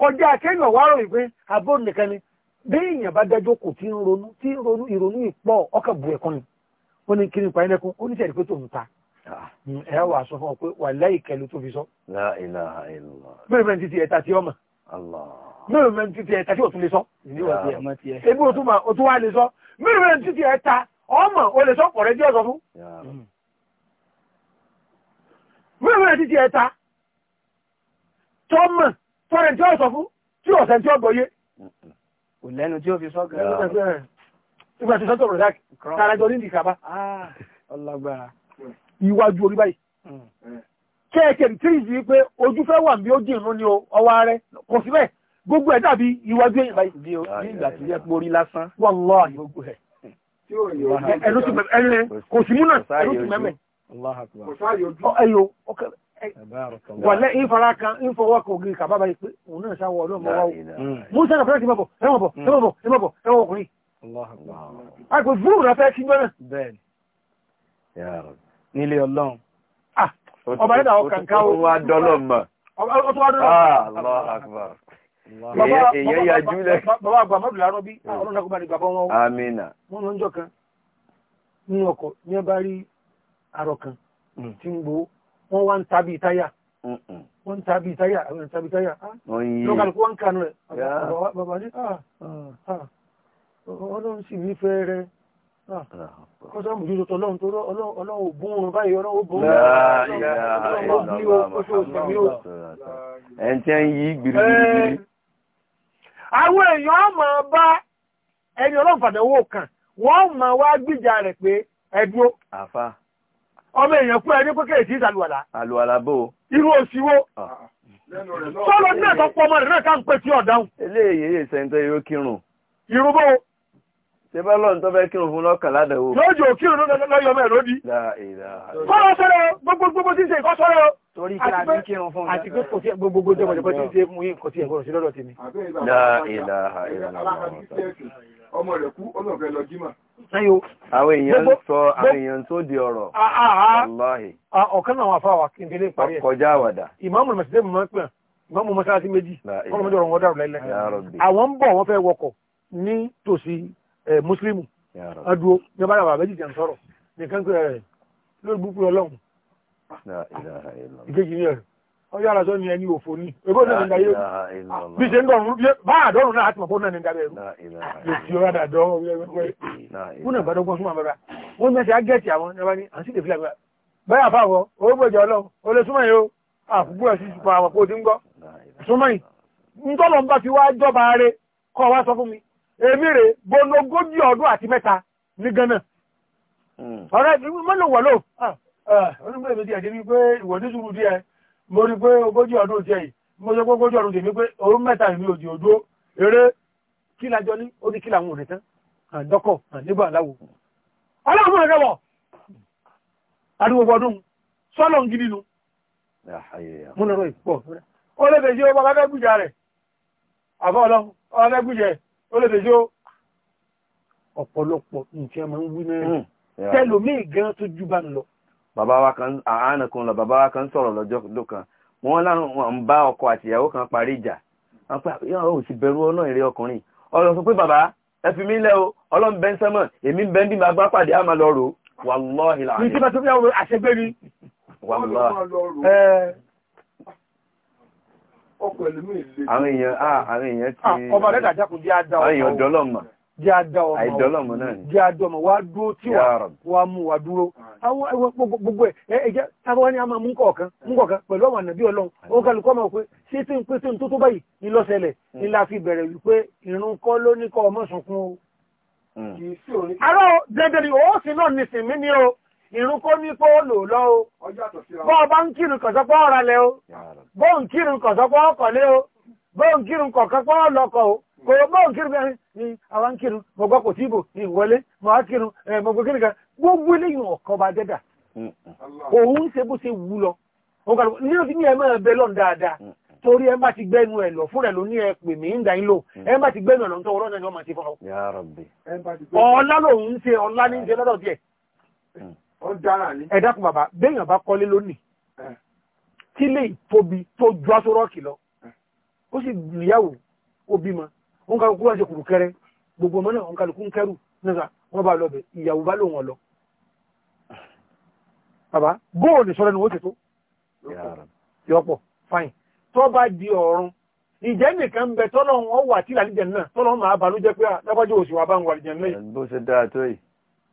kọjá akẹ́yìn ọ̀wárọ̀ ìpín abó nìkan ni bí èèyàn bá dájọ́ kò tí ń ronú tí ń ronú ìrònú ìpọ̀ ọkà bu ẹ̀kọ́ ni ó ní kiri pa ẹlẹ́kún ó ní sẹ́ẹ̀rì pé tó ń ta ẹ wà sọ fún ọ pé wà láì kẹlu tó fi sọ. bẹ́ẹ̀ bẹ́ẹ̀ títí ẹ̀ta tí ọmọ bẹ́ẹ̀ bẹ́ẹ̀ títí ẹ̀ta tí òtún lè sọ. ebi òtún wà lè sọ bẹ́ẹ̀ bẹ́ẹ̀ títí ẹ̀ta ọmọ o lè sọ́pọ̀ rẹ̀ díọ̀ sọ fún mẹ́rin hmm. títí ẹta tọ́mọ̀ tọ́rẹ̀ tí ó sọ fún tí ọ̀sẹ̀ tí ó gbọ́yé hmm. kò lẹ́nu tí ó fi sọ́gbẹ̀ ìgbà tí sọ́tọ̀ rẹ̀ dákì tààrà jọ ní ìdìkàbá ah, ọlọ́gbàrá iwájú orí báyìí hmm. kẹ́ẹ̀kẹ́ tí ìsì pé ojú fẹ́ wà bí ó dì ìrún ní ọwá rẹ̀ kò sí bẹ́ẹ̀ gbogbo ẹ̀ dàbí iwájú èyàn báyìí bí ìgbà tí yẹ pé orí lásán wọ́n lọ́ọ̀ gbogbo ẹ̀ ẹnu ti mẹ́mẹ́ ẹnu kò sí múnà ẹnu ti mẹ́mẹ́ ẹyọ wàlẹ́ ìfara kan ìfọwọ́ kan ògiri kàbá báyìí pé òun náà sáwọ́ ọlọ́run mọ́ wáwọ́ musa náà fẹ́rẹ́ ti mọ́bọ̀ ẹmọ́bọ̀ ẹmọ́bọ̀ ẹmọ́bọ̀ ẹmọ́ ọkùnrin àgbè fúrù rẹ̀ fẹ́ kí gbọ́nà. nílé ọlọ́run ah, ọba nígbà ọkàn káwọ́ ọtún wá dọ́lọ́ mọ́ èyàn yájú lẹ. bàbá àgbà mọ́tò lárọ́ bí hmm. ọlọ́run náà kó bá ní bàbá wọn. amina. wọn lọ ń jọ kan nínú ọkọ̀ ní ẹ bá rí arọ kan hmm. tí ń gbowó wọn wá ń ta bíi táyà hmm. wọn ń ta bíi táyà àwọn ń ta bíi táyà. Ah, lọ́kàlùkù wọn ń kanu rẹ̀ bàbá ní ah, ah, ọlọ́run sì nífẹ̀ẹ́ rẹ̀ kọ́sọ́ àmójútó tọ́lọ́run tó ọlọ́run ò bún un báyìí ọlọ́run ò bún un ọlọ́run ò bí o oṣù òṣèlú o. ẹ̀ ń tẹ́ ń yí gbìrìgbìrì àwọn èèyàn máa bá ẹni ọlọ́fàdánwò kan wọ́n máa wá gbìjà rẹ̀ pé ẹ̀dúró. àfa. ọmọ èèyàn kú ẹni pẹ́kẹ́ èsì ìsàlùwàlà. àlùwàlà bò. irú oṣù wo. sọ́lọ́ ní ẹ̀sán pọ́ ọmọ rẹ̀ náà ká ń pè tí ọ̀dáhùn. eléyìí èyí ṣe ń tẹ́ irú kírun. irú bó ṣe bá lọ́nà tó fẹ́ kírun fún lọ́kàn ládàáwò. lójú òkírun lọ́yọ̀ mẹ́rin lódì. kọ́lọ́ sọ́rọ̀ gbogbogbò tí ń ṣe ìkọ́ sọ́rọ̀. torí kí la ní kírun fún un. àti pé kò sí gbogbogbò jẹ́ mọ̀jẹ̀kọ́ tí ń ṣe mú yín kò sí ẹ̀gbọ́n sí lọ́dọ̀ tèmi. ọmọ rẹ̀ kú ọlọ́fẹ́ lọ jímà. àwọn èèyàn sọ àwọn èèyàn tó di ọ̀rọ̀. Ah, ah, ah. ọ̀kan náà wà fáwọn akíndélé parí ẹ̀. kọjá àwàdà. ìmáàmù mọ̀sídẹ́ mọ̀ pẹ̀ ìmáàmù mọ́sálásí méjì. kọ́lọ́mọdé ọ̀rọ̀ wọn dàrú láìláì. àwọn ń bọ̀ wọ́n fẹ́ wọkọ̀ ní tòsí Eh, muslimu adúró ní ọba yàrá méjì jẹ́ ń sọ̀rọ̀ nìkan pé ẹ̀ lórí búkú ọlọ́run ìkejì ní ẹ̀rọ ọjọ́ ara sọ ẹni òfò ní ẹgbẹ́ náà ní bí ṣe ń dọ̀rùn bá àdọ́rùn náà àti mọ̀fọ́ náà ní ìdábẹ̀rù lè fi ọ̀rá dàdọ́ wọn náà bàdọ́gbọ́n súnmọ́ bàbá wọn mẹ́sẹ̀ á gẹ̀ẹ́tì àwọn ẹ̀rọ ní àti ìdè fìlà báyà fáwọ owó gbèjà ọlọ́run ó lè súnmọ́ yìí ó ẹ̀ sí ìsúpa àwọn kò tí ń gbọ́ súnmọ́ yìí ń tọ́lọ́ ń bá fi wá jọba rẹ kọ́ wá sọ fún mi èmìrè gbọ́nogójì ọdún àti mẹ́ta ní Ghana hmm. ọ̀rẹ́ mọ́lò wọ̀lò ah, ah, onígbé mi díẹ̀ débi pé ìwọ̀ ní sùúrù díẹ̀ mo rí pé ogójì ọdún díẹ̀ yìí mo sọ pé ogójì ọdún tèmi pé òun mẹ́ta ìlú òdì òdó eré kí lajọ ní ó ní kí làwọn òní tán àdọ́kọ̀ nígbà aláwo ọlọ́run rẹ̀ wọ̀ ariwo ọdún sọ́lọ̀ gidi nu múnarọ̀ ìpọ̀ ó lébèjì ọba bá fẹ́ gbìjà rẹ̀ àbọ̀ ọlọ́run ọba fẹ́ gbìjà rẹ̀ ó lè tẹ̀jọ́ ọ̀pọ̀lọpọ̀ nǹkan máa ń wí náà hmm. tẹlòmíì gan tó jù bá ń lọ. bàbá wa kan àánà kan lọ bàbá wa kan sọ̀rọ̀ lọ́jọ́ kan wọ́n láwọn ń bá ọkọ àtìyàwó kan parí ìjà wọ́n pa yàrá ò sì bẹ̀rù ọlọ́run eré ọkùnrin ọ̀rọ̀ sọ pé bàbá ẹ fi mí lẹ́ o ọlọ́run bẹ́ ń sẹ́mọ̀ èmi bẹ́ ń bí màá bá pàdé àmà lọ wàlọ́ọ̀hìlà. ọkọ̀ àwọn èèyàn ah, àwọn èèyàn ti. ọba ah, rẹ̀ dàjà kò jẹ́ ọmọ. àwọn èèyàn dọ́lọ́mọ. jẹ́ ọmọ. àìdọ́lọ́mọ náà ni. jẹ́ ọmọ wa dúró tí wa mú wa dúró. àwọn gbogbo ẹ ẹ wá ní àmà mú mú àwọn ànàbí ó pé ṣé tí pé tí tó ni hmm. la fi ló ní ọmọ sunkún o. Hmm. àrò o. ìrun kó ní kó lò lọ o bọ́ ọba ń kírun kọ̀sọ́pọ̀ ọ̀rọ̀ lẹ o bọ́ ń kírun kọ̀sọ́pọ̀ ọkọ̀lé o bọ́ ń kírun kọ̀kọ́pọ̀ ọlọ́kọ̀ o kò bọ́ ń kírun bẹ́ẹ̀ ni àwọn ń kírun mo gbọ́ kò tíìbò ní ìwọlé mo á kírun mo gbọ́ kírun kan gbogbo eléyìí ọ̀kọ́ bá dẹ́dà òun ṣe bó ṣe wù lọ ní òfin ní ẹ máa bẹ lọ́n dáadáa torí ẹ bá ti gbẹ́nu ẹ̀ lọ fúnra ló ní ẹ pè mí ń dáyín lò ẹ bá ti gbẹ́nu ẹ̀ lọ ń tọ́ ọlọ́run ni wọ́n máa ti fọ́ ọ̀la lòun ń ṣe ọ̀la ní ń ṣe lọ́dọ̀ díẹ̀ ó dára ní. ẹ dákun bàbá béèyàn bá kọ́lé lónìí tí lè tóbi tó ju aṣọ rọ́ọ̀kì lọ ó sì níyàwó ó bímọ òun kàlùkù wá ṣe kùrù kẹrẹ gbogbo ọmọ náà òun kàlùkù ń kẹrù nígbà wọn bá lọbẹ ìyàwó bá lòun ọlọ. bàbá bóò ní sọ́dọ̀ ni wọ́n ti tó yọpọ̀ fine tó bá di ọ̀run ìjẹ́ nìkan ń bẹ tọ́lọ́run ọ̀wà tí làlíjẹ̀ náà tọ́lọ́run máa balójẹ́ pé ah, lápájọ́ òṣùwà bá ń wà lìjẹ̀ náà. bó ṣe dáa tó yìí.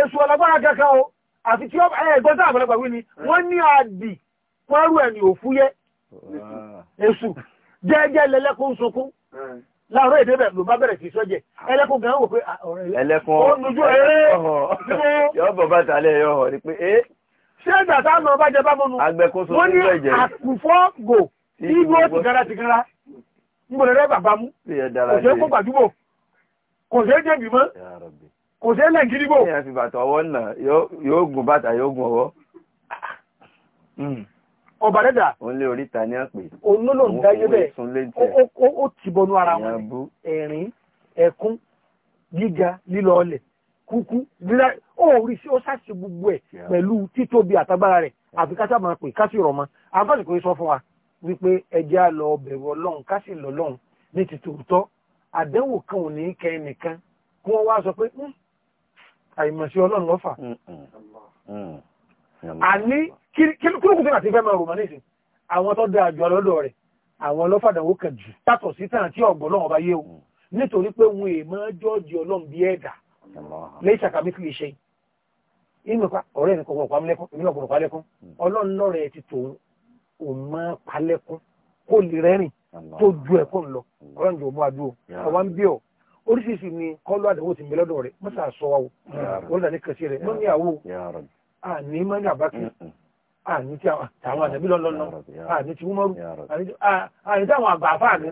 èṣù ọlágbára kẹkẹ o àti tí ẹgbẹ́ tí àbẹ̀lẹ́gbà wí ni wọ́n ní àdì pẹ́rù ẹ̀ ní òfúyẹ́ èṣù jẹ́ẹ́jẹ́ lẹ́lẹ́kún sunkún láàárọ̀ èdè bẹ̀rẹ̀ ló bá bẹ̀rẹ̀ sí sọ́jẹ̀ ẹlẹ́kùn gan wò pé ẹlẹ́kùn ọ̀nùjú ẹ̀rẹ́ yọ bọ̀ bàtà lẹ̀ yọ ọ̀ ni pé é. ṣé ìgbà tá a nà ọba jẹ bá mọ́nu wọ́n ní àkùfọ́ gò ibi ó tìkára tìkára ń bọ̀dọ̀ rẹ́ bàbá mú kò ṣe kó gbàdúgbò kò ṣe é jẹ̀bi kò sẹ́lẹ̀ gírígbò. ní àfi bàtà ọwọ́ náà yóò gun bàtà yóò gun ọwọ́. Hmm. ọba dẹ́dà. òun lé oríta ní àpè. òun ló lòun dáyé bẹ́ẹ̀ ó ti bọnú ara wọn ẹ̀rín ẹ̀kún gíga lílọ ọlẹ̀ kúkú rírá ó rí sí ó ṣàṣì gbogbo ẹ̀ pẹ̀lú títóbi àtagbára rẹ̀ àfi ká sáà máa pè ká sì rọ̀ mọ́ àbáṣe kò sọ fún wa wípé ẹjẹ́ á lọ bẹ̀rù ọlọ́run ká sì lọ lọ́run ní ti tòótọ́ àdéhùn kan ò ní kẹ́ ẹnìkan kí wọ́n wá sọ pé hmm, àìmọ̀sí ọlọ́run lọ́fà mm, mm. mm. àní kílùkù fún àti fẹ́ máa rùmọ̀ nísìn àwọn tó dáa jù ọlọ́dọ̀ rẹ̀ àwọn ọlọ́fàdàwó kan jù tàtọ̀ sí tàn tí ọgbọ̀n náà bá yé o nítorí pé wọn èèmọ́ jọ́ọ̀jì ọlọ́run bí ẹ̀dà lẹ́yìn ṣàkàmí fi lè ṣe inú pa ọ̀rẹ́ ẹni kọ̀ọ̀kan pamẹ́lẹ́kún èmi náà gbọ̀dọ̀ palẹ́kún ọlọ́run náà rẹ̀ ti tòun oríṣiríṣi ni kọ́lọ́ àdánwò ti mẹ́lọ́dọ̀ rẹ̀ mọ́sà sọ wa mm-hmm. wọ́n dà ní kẹsí rẹ̀ mọ́ ní àwò àní mọ́ ní àbákí àní tí àwọn àdàbí lọ́lọ́lọ́ àní tí wúmọ́rú àní tí àwọn àgbà àfáà ní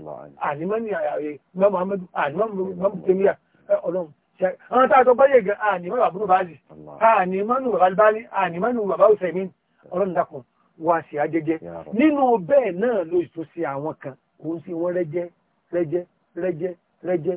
àní mọ́ ní àyè mọ́mọ́ amẹ́dù àní mọ́mọ́ tẹ́míyà ọlọ́run àwọn tá a tọ́ báyẹ̀ gan àní mọ́ bàbá báàzì àní mọ́ nù bàbá báàlì àní mọ́ nù bàbá òsèmí ọlọ́run dákun wá sí ajẹ́jẹ́ nínú bẹ́ẹ̀ náà ló sì tún àwọn kan òun sì wọ́n rẹ́jẹ́ rẹ́jẹ́ rẹ́jẹ́ rẹ́jẹ́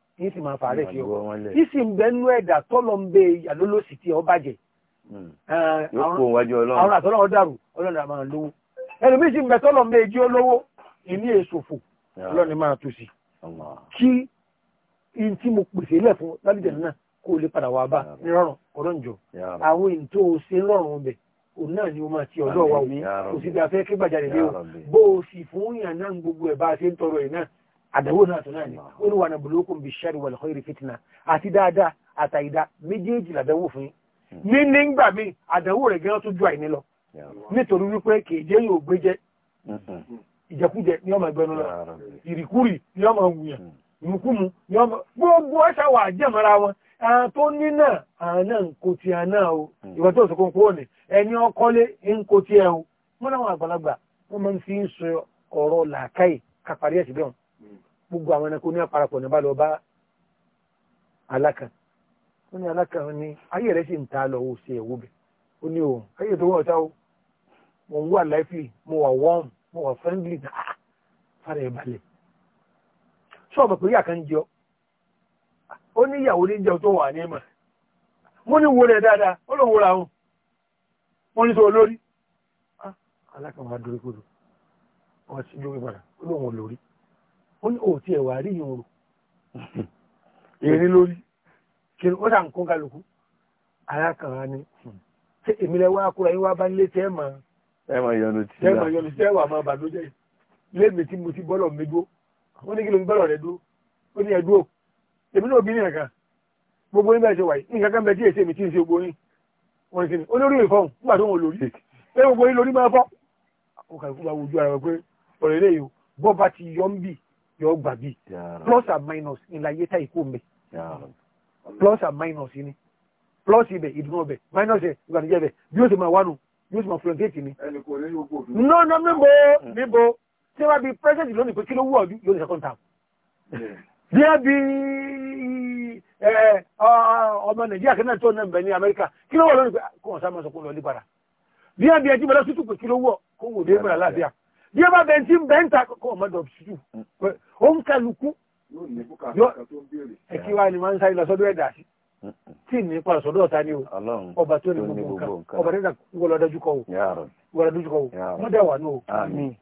ní sì máa fàárẹ̀ sí ọ tí sì ń bẹ nú ẹ̀dà tọ́lọ ń bẹ àlólòsì tí ọ bàjẹ́ hmm. àwọn àtọ́lọ́ ọ̀dàrú ọlọ́run àmà lówó ẹnu bí sì ń bẹ tọ́lọ ń bẹ jí olówó ìní èsòfò ọlọ́run máa tó sí kí n tí mo pèsè ilẹ̀ fún lábìjẹ̀ náà kó o lè padà wá bá nírọ̀rùn ọlọ́njọ́ àwọn èyí tó o ṣe ń rọrùn ọbẹ̀ òun náà ni o máa ti ọ̀dọ́ wa wí kò sí bí a fẹ́ kí gbàjáde lé o bó o sì fún yàn náà gbogbo ẹ̀ bá a ṣe ń tọrọ ẹ̀ náà àdàwò náà tó náà ni ó ní wà ní bulukun bí ṣẹ́rì wà lọ́kọ́rì fitna àti dáadáa àtàìdá méjèèjì làdàwò fún yín hmm. ní nígbà míì àdàwò rẹ̀ gẹ́rẹ́ tó ju àìní lọ nítorí wípé kèjé yóò gbé jẹ́ mm-hmm. ìjẹkújẹ ní ọmọ ẹgbẹ́ lọ ìrìkúrì ní ọmọ wùyàn hmm. ìmùkúmu ní ọmọ gbogbo ọ̀ṣà wà jẹ́mọ́ra wọn àwọn tó ní náà àwọn náà ń kó ti àwọn náà o hmm. ìwà tó sọ kókó òní ẹni ọkọlé ń kó ti ẹ o wọn náà wọn àgbàlagbà wọn máa ń fi ń sọ ọ̀rọ̀ làákàyè kápárí ẹ̀sìn gbogbo àwọn ẹranko ní àparapọ̀ ní bá lọ bá alákan ó ní alákan ní ayé rẹ̀ sì ń ta lọ ó ṣe ẹ̀wọ́ bẹ̀ ó ní ayé tó o mo ń wà lively mo wà warm mo wà friendly náà ah, fara ẹ̀ balẹ̀ ṣé ọmọ pé jẹ ó ní ìyàwó ní tó wà ní mo ní wo dáadáa ó mo ní sọ olórí ah, alákan wà dúró ó ní òtí ẹ̀wà rí yìí rò [LAUGHS] èrè lórí kí ó sà ń kó kálukú alákànrá ni hmm. ṣé èmi lẹ wá kúra yín wá bá nílé tẹ́ mọ̀ ẹ mọ̀ yọnu tí ẹ mọ̀ yọnu tí ẹ wà máa bàdójẹ́ lẹ́mìí tí mo ti bọ́lọ̀ mi dúró ó ní kí ló ń bọ́lọ̀ rẹ dúró ó ní ẹ dúró èmi náà bí nìkan gbogbo yín bẹ́ẹ̀ ṣe wà nǹkan kan bẹ díẹ̀ sí èmi tí ń ṣe gbogbo yín wọ́n ti ní olórí ìfọ̀hún nígbà tó wọn lórí pé [LAUGHS] gbogbo yín lórí máa fọ́ ọkàn ìfúnpá wojú ara wọn pé ọ̀rẹ́ yóò gbà bí plus and minus ńlá yé tá ìkó mbẹ plus and minus ni plus ibẹ̀ ìdùnnú ọbẹ̀ minus ẹ̀ ìgbàlejò ẹ̀bẹ̀ bí ó ti máa wánu bí ó ti máa fúlọ̀ǹkẹ́ẹ̀tì ni. no no níbo níbo hmm. tí wọ́n bí president lónìí pé kí ló wù ọ́ yóò ní second term. bí wọ́n bí eh, ọmọ nàìjíríà kan náà tó náà ń bẹ ní amẹ́ríkà kí ló wù ọ́ lónìí pé kó wọ́n sá máa sọ kó lọ ní padà. bí wọ́n bí ẹjí bẹ́ẹ̀ lọ́sítù pé kí ló wù kó wò dé padà láàbíà bí ẹ bá bẹ̀ tí ń bẹ̀ ń ta kọ́kọ́ ọmọdé ọ̀tútù ó ń kálukú ẹ̀kí wa ni máa ń sáré lọ sọ́dọ̀ ẹ̀dá sí tí ní ipa sọ́dọ̀ ọ̀tá ni o ọba tó ní gbogbo nǹkan ọba nígbà wọlé dojú kọ o wọlé dojú kọ o mọ dá wà náà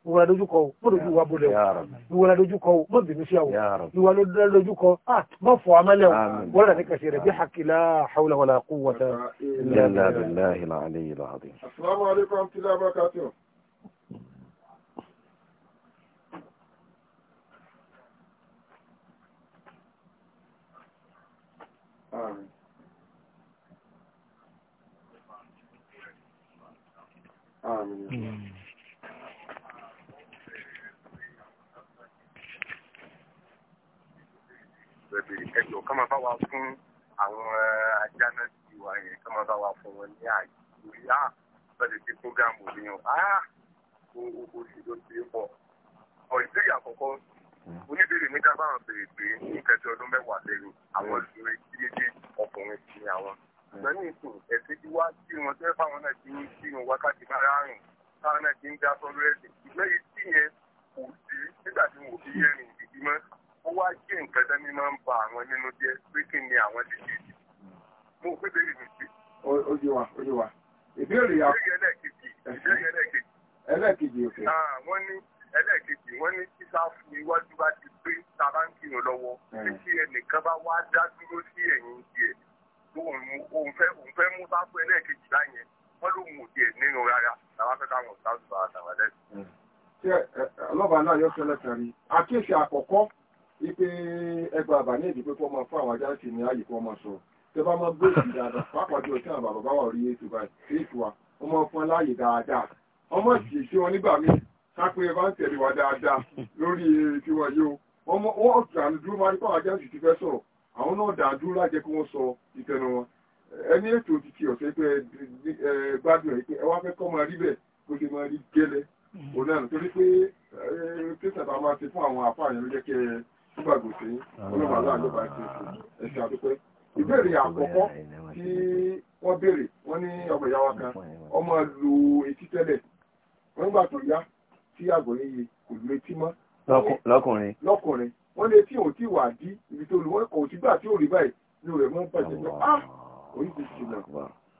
o wọlé dojú kọ o mọ dojú wa bolẹ o wọlé dojú kọ o mọ bínú sí àwọn ìwọlé dojú kọ a mọ fọ amálẹ o wọlé dàní kàṣẹ rẹ bí hakilá hawla wàlá kú wọta. Assalamu alaikum wa rahmatullahi wa barakatuh. Hmm. bẹ̀bẹ̀ ẹjọ́ ká máa bá wa fún àwọn ajá náà sí wa yẹn ká máa bá wa fún wọn ní àyè orí á bẹ̀rẹ̀ sí prógámù yẹn á kó owó sí ló ti pọ̀ ọ̀ ìbéèrè àkọ́kọ́ oníbèrè mi dábàá bèrè pé ní kẹtì ni àwọn ṣùgbọ́n ní ìsìn ẹ̀sìn ti wá sí wọn tẹ́ fáwọn náà ti ń sínú wákàtí mára rìn táwọn náà ti ń dá sọ́rọ́ ẹ̀sìn ṣùgbọ́n yìí sí yẹn kò sí nígbà tí wọn ò fi yẹ rìn ìdí mọ́ ó wá jẹ́ nǹkan tán ní máa ń ba àwọn nínú jẹ́ pé kí ni àwọn ti ṣe mo pé bẹ́ẹ̀ ni sí. ó yé wa ó yé ìbéèrè yà. ìbéèrè ẹlẹ́ẹ̀kejì ìbéèrè ẹlẹ́ẹ̀kejì. wọ́n ní sísá fún iwájú bá ti pé tá lọ́wọ́ pé ẹnìkan bá wá dá dúró sí ẹ̀yìn tiẹ̀ òun fẹ́ òun fẹ́ mú sáfù ẹlẹ́ẹ̀kejì láyẹn wọ́n ló mú òde nínú rárá làwọn fẹ́ káwọn sáfù bá àtàwọn lẹ́sìn. ṣé ọlọ́bàá náà yóò fẹ́lẹ̀ tẹ̀lé àkíyèsí àkọ́kọ́ wípé ẹgbẹ́ àbá ní pé kí máa fún àwọn ajá ní ààyè kí máa sọ tẹ bá máa gbèsè dáadáa pàápàá jù ọtí àbàbà bá wà rí ètò ètò wa wọ́n máa fún láàyè dáadáa ọmọ sì ṣe wọn nígbà míì sápé ẹ bá ń tẹ̀lé wa dáadáa lórí tiwọn yìí o wọ́n ọ̀tún àdúró máa ní pàwọn ajá ti fẹ́ sọ̀rọ̀ àwọn náà dàdúró lájẹ kí wọ́n sọ ìtẹnu wọn ẹni ètò ti ti ọ̀sẹ̀ pé ẹ gbádùn ẹ̀ pé ẹ wá fẹ́ kọ́ máa rí bẹ́ẹ̀ kó ṣe máa rí gẹ́lẹ́ òun náà torí pé kí sàbá máa ṣe fún àwọn àfáà yẹn ló jẹ́ kí ẹ túbàgò sí ọlọ́run aláàánú bá ṣe ẹ̀ṣẹ̀ àdúpẹ́ ìbéèrè àkọ́kọ́ tí wọ́n béèrè wọ́n ní ọmọ ìyá wa kan ọmọ lu etí tẹ́lẹ̀ wọ́n nígbà tó yá tí àgọ́ yẹn yẹ kò lu etí mọ́. lọ́kùnrin wọ́n lè tí òun ti wà dí ibi tó lù wọ́n kò tí gbà tí ò rí báyìí ní rẹ̀ mọ́ pàṣẹ pé á orí ti ṣìnà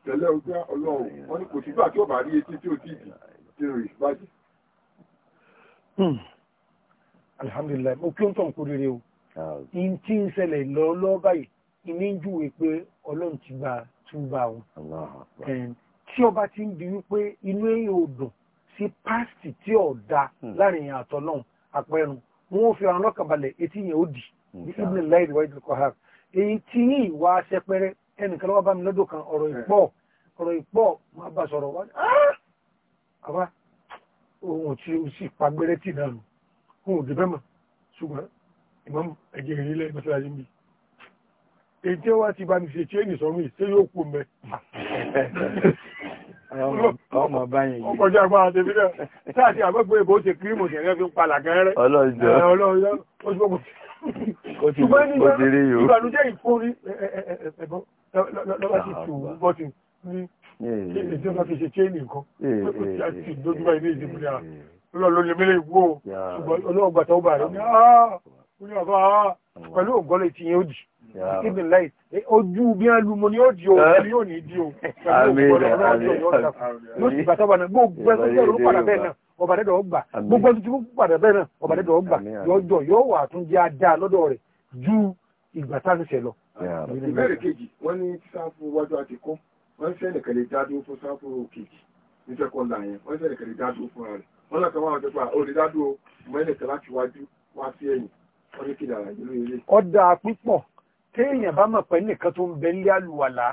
tẹ̀lé ọgbà ọlọ́run wọ́n ní kò tí gbà tí ò bá rí etí tí ò tí ì ti rì bájì. mo kí n tọ̀ nkú rere o ah. n tí ń ṣẹlẹ̀ lọ lọ́ báyìí ìní ń júwe pé ọlọ́run ti gba túbà o tí ọba ti ń di wípé inú èèyàn ò dùn sí pásítì tí ò da hmm. láàrin àtọ́lọ́hún apẹ́rùn wọn ò fi ọ̀ràn lọ́kàn balẹ̀ etí yẹn ó dì ní ibùdó láì rí wáyé kọ́ hàn èyí tí yìí wá aṣẹpẹrẹ ẹnìkan lọ́wọ́ bá mi lọ́dọ̀ kan ọ̀rọ̀ ìpọ̀ ọ̀rọ̀ ìpọ̀ máa bá sọ̀rọ̀ wá ah! àbá ohun tí o sì pagbẹ́rẹ́ tì náà nù ohun ti bá mi ṣe tí èyí sọ mí yóò kú mẹ́ bá yẹn yìí. ọkọjá agbára tèmi náà sáàtì àgbẹ̀gbẹ̀ èbó ti kírímù tẹ̀lé fi ń palà gẹ́rẹ́. ọlọ́jọ́ ọlọ́jọ́ ó ti gbọ́. ṣùgbọ́n ní ìbànújẹ́ ìfúnni ẹ̀bọ́n lọ́wọ́ ti tù ú bọ́tì ní ìjọba fi ṣe chéènì nǹkan pé kò sí àti ìdójúmọ́ ilé ìdìbò ní àná lọ́lọ́ lè mẹ́lẹ̀ ìgbó ṣùgbọ́n ọlọ́ọ̀gbàtà ah, ó bà rẹ̀ ní àá pẹ̀lú ògbọ́lẹ̀ ti yẹn ó jì Ibi láì, eh, ojú bí án lu mo ni ó di ohun eh? ni ó ní di ohun. [LAUGHS] Àmín àmín. Yóò sì bàtọ́ bàtọ́ gbogbo ẹgbẹ́ tó ló padà bẹ́ẹ̀ náà, ọba dẹ́dọ̀ ọgbà. Gbogbo ẹgbẹ́ tó padà bẹ́ẹ̀ náà, ọba dẹ́dọ̀ ọgbà. Yọjọ́ yóò wà tún jẹ́ adá lọ́dọ̀ rẹ̀ ju ìgbà sáfẹ́sẹ̀ lọ. Ìbéèrè kejì, wọ́n ní sáfù wájú àti kọ́, wọ́n ṣe ẹnìkan lè dá dúró fún sáfù kejì ní sẹ́kọ̀ọ́lá yẹn, wọ́n ṣe ẹnìkan lè dá dúró fún rẹ̀. Wọ́n lọ́kàn wá ọjọ́ pa olùdádúró mọ́ ẹnìkan láti wájú wá sí ẹ̀yìn. Wọ́n ní kí ni àlàyé lóye lé. Ọ̀dà pípọ̀ téèyàn bá mọ̀ pẹ́ nìkan tó ń bẹ nílé àlùwàlá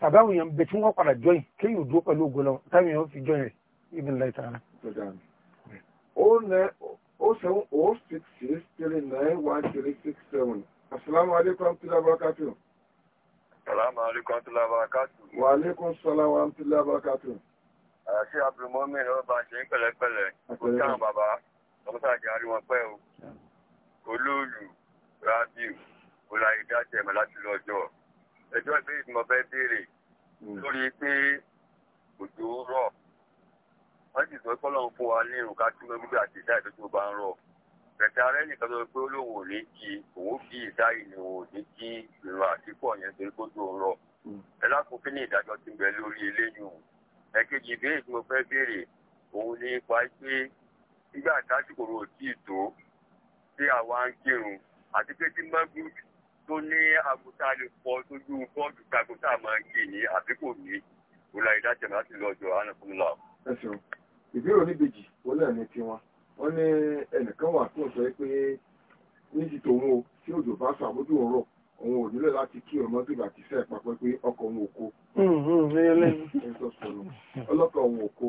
tàbí àwọn èèyàn bẹ tí wọ́n padà jọyìn kéèyàn dúró pẹ̀lú ògo lọ táwọn èèyàn fi jọyìn rẹ̀ ibi ńlá ìtara. ó sẹ́wọ́n ó oh six six three nine one three six seven asalaamualeykum amtila barakatu. asalaamualeykum amtila barakatu. waaleykum salaam amtila barakatu. àṣẹ abdulmọ́mí ọba ṣe ń pẹ̀lẹ́pẹ̀lẹ́ kó sáà bàbá ọmọ sáà jẹ́ àríwọ̀n pẹ́ o olóòlù rábíù olùwàyí dájẹ́ mi láti lọ ọjọ́ ẹjọ́ bí mo fẹ́ béèrè hmm. lórí pé òjò rọ̀ wọ́n sì sọ kọ́lọ́ fún wa ní ìrùn ká tún mọ́ gbígbà àti ìdá ìtọ́jú bá ń rọ̀ bẹ̀tẹ̀ arẹ́ nìkan tó pé olóhùn ò ní kí òun kí ìdá ìlú ò ní kí ìrùn àtìkù ọ̀yẹn torí kó tó ń rọ̀ hmm. ẹ lákòókí ní ìdájọ́ ti bẹ̀ lórí eléyìí ẹ̀kejì ìbéèrè tí mo fẹ́ béèrè òun ní ipa pé nígbà tásìkò rò tí ì tó tí àwa ń kírun àti pé tí mọ́gbù tó ní àgùntà lè pọ̀ sójú bọ́ọ̀lù tako tá a máa ń kí ni àbí kò ní ìwòlá ìdájọ́ láti lọ́jọ́ ànàkúnlá. ẹ ṣeun ìbéèrè oníbejì wọn náà ní tiwọn wọn ní ẹnìkan wà tó sọ pé ní ti tòun o tí òjò bá sọ àbójú òun rọ òun ò nílò láti kí ọmọ dìgbà tí sẹ́ẹ̀ papọ̀ pé ọkọ̀ òun òko. Hmm, hmm, ọlọ́kọ̀ òun òko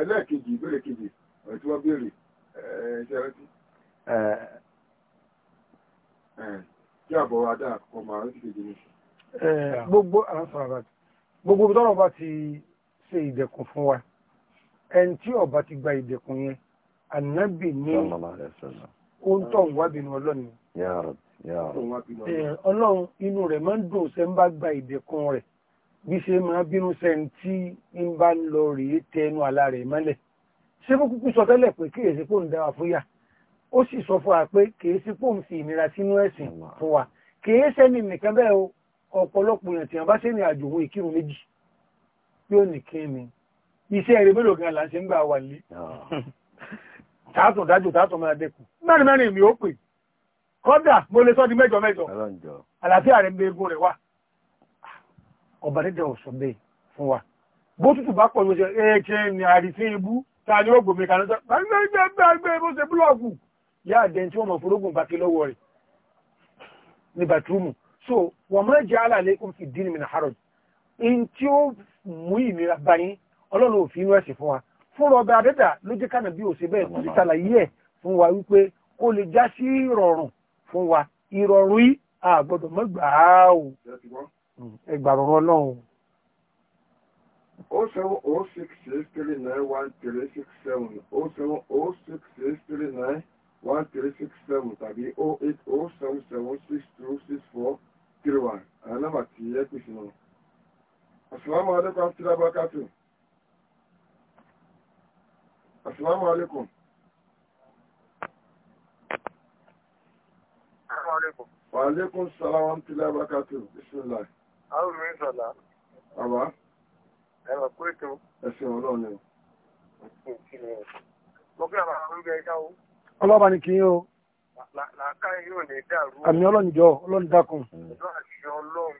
ẹlẹ́ẹ̀kejì ìbéèrè kejì ọ̀rẹ́ tí wọ́n béèrè ẹ̀ẹ́dẹ́rẹ́tì kí àbọ̀wọ̀ adá ọmọ àwọn ti kéde nìṣẹ́. gbogbo ah, gbogbo tọ́rọ̀ bá ti ṣe ìdẹ̀kùn fún wa ẹni tí ọba ti gba ìdẹ̀kùn yẹn ànábì ní ohun tó ń wá bínú ọlọ́ni. ọlọ́run inú rẹ̀ máa ń dùn ṣe ń bá gba ìdẹ̀kùn rẹ̀ bí ṣe máa bínú sẹ́ni tí ń bá ń lọ rèé tẹnu àlá rẹ̀ mọ́lẹ̀ ṣé kó sọ tẹ́lẹ̀ pé kíyèsí kó ń dára fúyà ó sì sọ fún wa pé kìí sí pòun sí ìnira sínú ẹ̀sìn fún wa kìí sẹ́ni nìkan bẹ́ẹ̀ o ọ̀pọ̀lọpọ̀ èèyàn tí bá sẹ́ni àjò òun ìkírun méjì yóò ní kí ni iṣẹ́ eré mélòó kan là ń ṣe ń gbà wà lé ah. [LAUGHS] tààtò dájò tààtò máa dẹ́kun mẹ́rin mẹ́rin mi ó pè kọ́dà mo lè sọ di mẹ́jọ mẹ́jọ àlàáfíà rẹ̀ ń bẹ egun rẹ̀ wà ọba dídẹ ọ̀sọ̀ bẹ́ẹ̀ fún wa bó tútù bá pọ̀ lóṣẹ̀ ẹ̀ẹ́kẹ́ ni àrífín ibú ta ni ó gbòmìnira náà gbàgbẹ́gbẹ́gbẹ́ bó ṣe búlọ̀ọ̀kù yá àdẹn tí wọ́n mọ̀ forógùn bá kí lọ́wọ́ rẹ̀ ní bàtúrùmù so wọ́n mọ́ jẹ́ alàlékún fi dín mi nàárọ̀ in tí ó mú ìnira bá yín ọlọ́run òfin inú ẹ̀sìn fún wa fún rọ̀bẹ adẹ́dà ló jẹ́ kánà bí òsè bẹ́ẹ̀ ti ṣàlàyé ẹ̀ fún wa wípé kó lè já sí ìrọ̀rùn fún wa ìrọ̀rùn yìí a mọ́ gbà á o ẹgbà rọ̀rọ̀ ọlọ́run. O oh seven O oh six six three nine one three six seven O oh seven O six six three nine. 1367 tàbí 08077626431 àwọn nọ́mbà tí ẹ pè sí wọn. Assalamu alaikum àti abakatu. Assalamu alaikum. Wa alaikum salam wa rahmatullahi wa barakatuh. Bismillah. Àwọn mi sọ̀lá. Àwa. Ẹ̀rọ pé tó. Ẹ̀sìn ọlọ́run ni. Mo kí àwọn àwọn ọmọ ẹgbẹ́ ẹ̀ka o ọlọ́ba ni kìí o. làákà yóò ní dàrú. àmì ọlọ́run jọ ọlọ́run dákun. ìjọ àti ọlọ́run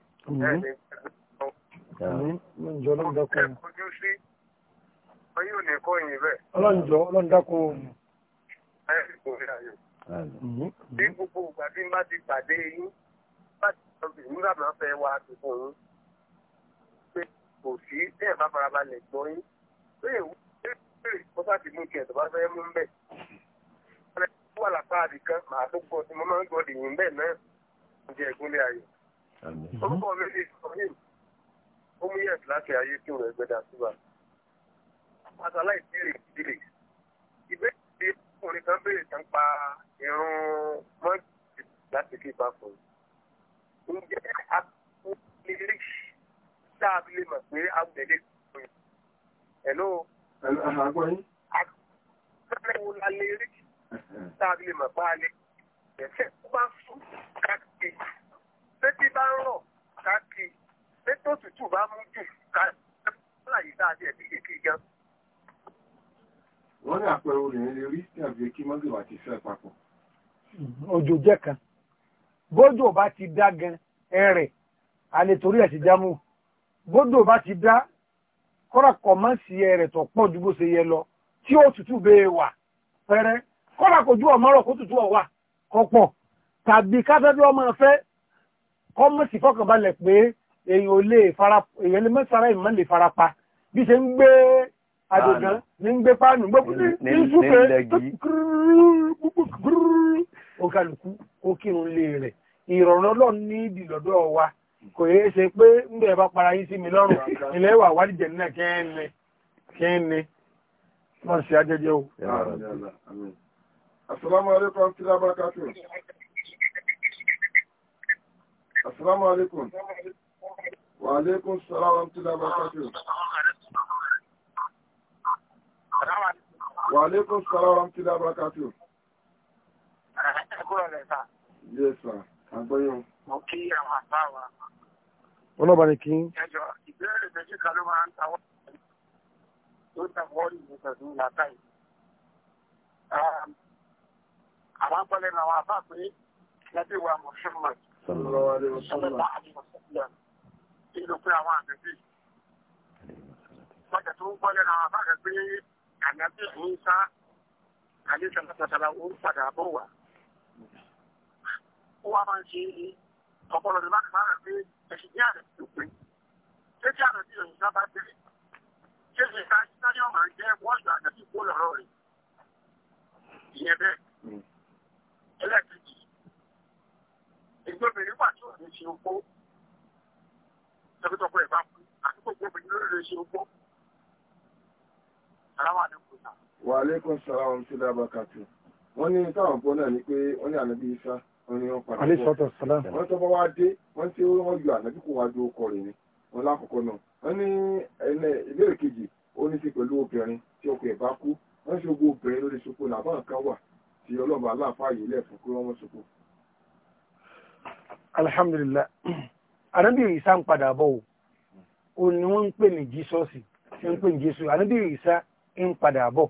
ẹ̀ ní ọjọ́ ọlọ́run dákun. ojú sí ọyún ò ní kọ́ yín bẹ́ẹ̀. ọlọ́run jọ ọlọ́run dákun. ẹ ẹ kò rí ayọ̀. bí gbogbo ìgbà tí n bá ti pàdé yín bá ti sọ bí ìmúra máa fẹ́ wá àtúntò yín pé kò sí tẹ́ ẹ̀ bá farabalẹ̀ gbọ́ yín pé èwo pé ìkọ́sá ti mú kí ẹ̀ tó bá fẹ́ mú bẹ́ẹ̀ wà lápáàdì kan màá tó gbọ́ tí mo máa ń gbọ́ dìyìn bẹ́ẹ̀ náà ń jẹ ìgúnlẹ̀ ayé. orúkọ mi lè sọ yìí ó mú yẹ̀sì láti ayé tí òun ẹgbẹ́ dà síbà. àtàlà ìbéèrè ìdílé ìbéèrè tí ọkùnrin kan béèrè tán pa irun mọ́tì láti kí papọ̀. ǹjẹ́ àbúlé tá a fi lè mọ̀ pé àgbẹ̀lé kò yẹ. ẹ̀ló. àgbẹ̀lé wo la lè rí kí tàbí lè mọ̀ pa alẹ́ ẹ̀sẹ̀ tó bá sùn káàkiri pété bá ń rọ̀ káàkiri pété òtútù bá mú jù káàkiri láyé dáadé ẹ̀bí kékeré gan. wọ́n ní àpẹẹrẹ obìnrin lè rí sí àbí kí mọ́gìlá ti fẹ́ papọ̀. Hmm, òjò jẹ́ kan bójú ò bá ti dá gan ẹ̀rẹ̀ alẹ́ torí ẹ̀ ti já mú bójú ò bá ti dá kọ́ra kọ̀ mọ́ sí ẹ̀rẹ̀ tó pọ̀ ju bó ṣe yẹ lọ tí òtútù bẹ́ẹ̀ wà pẹ́rẹ́ kọ́lá kò ju ọ̀mọ́rọ̀ kó tutù ọ̀wà kọ̀pọ̀ tàbí káfẹ́bí ọmọ fẹ́ kọ́mọ̀sì fọkànbalẹ̀ pé èyàn lè fara èyàn lè mẹ́sàrá ìmọ̀ lè fara pa bí ṣe ń gbé àdògán ní ń gbé páànù gbogbo ní ṣúfẹ́ òkàlùkù kó kírun lé rẹ̀ ìrọ̀rùn ọlọ́run ní ìdí lọ́dọ̀ kò yé ṣe pé ń bẹ̀rẹ̀ bá para yín sí mi lọ́rùn ilẹ̀ wà wádìí jẹ̀ nínú kẹ́ẹ̀ni kẹ́ẹ̀ni wọ́n ṣe ajẹ́jẹ́ o. Assalamu alaikum warahmatullahi wabarakatuh. Assalamu alaikum. Wa alaikum assalam warahmatullahi wabarakatuh. Wa alaikum assalam warahmatullahi wabarakatuh. Yes, sir. Àgbóyún. Mo kí àwọn àbá wa. Wọ́n náà bá ní kí. Ẹjọ́ ìbéèrè méjì kan ló máa ń tawọ́ tó tàwọ́ ìlú pẹ̀lú àwọn akọ́lẹ̀ náà wọ́n afá pé nàbí wa Muhammad sọlọ́lá àdìmọ̀sọ́lá ìlú pé àwọn àgbẹ̀bí wọ́n tẹ̀tún kọ́lẹ̀ náà afá kan pé àgbẹ̀bí ń sá àdìsàn pàtàkì ó ń padà bọ̀ wá. ó wá máa ń ṣe ọpọlọ ní bákan máa pé ẹ̀sìn ní àrẹ̀ tó pé ṣé kí àrẹ̀ tí òun sábà tẹ̀lé ṣé kí ìta ìta ní ọmọ àjẹ́ wọ́ọ̀dù àgbẹ̀bí kó lọ́rọ̀ rẹ̀ ìyẹn bẹ́ẹ̀. Hmm. ogbó ẹgbẹ́ tọkọ ẹ̀ bá kú àdúgbò gbọ́dọ̀ ní lórí ṣe ogbó. sàlámà ni kò sà. wà á lékún sara ohun tí dábà kàtó ní táwọn gbọ́ náà ni pé wọ́n ní ànábì isa wọ́n ní wọ́n padà bọ̀ wọ́n tó bá wá dé wọ́n tí wọ́n yọ ànábì kó wá ju ọkọ rẹ̀ ni wọ́n lákòókò náà wọ́n ní ìbéèrè kejì ó ní sí pẹ̀lú obìnrin tí ọkọ ẹ̀ kú wọ́n ṣe gbogbo obìnrin lórí ṣoko làbá wà tí ọlọ́ọ̀bà aláàfáà yìí lẹ̀ fún pé alhamdulillah anabi [CLEARS THROAT] isa ń padà bọ̀ o ò ní wọ́n ń pè ní jísọ́ọ̀sì ń pè ní jésù anabi isa ń padà bọ̀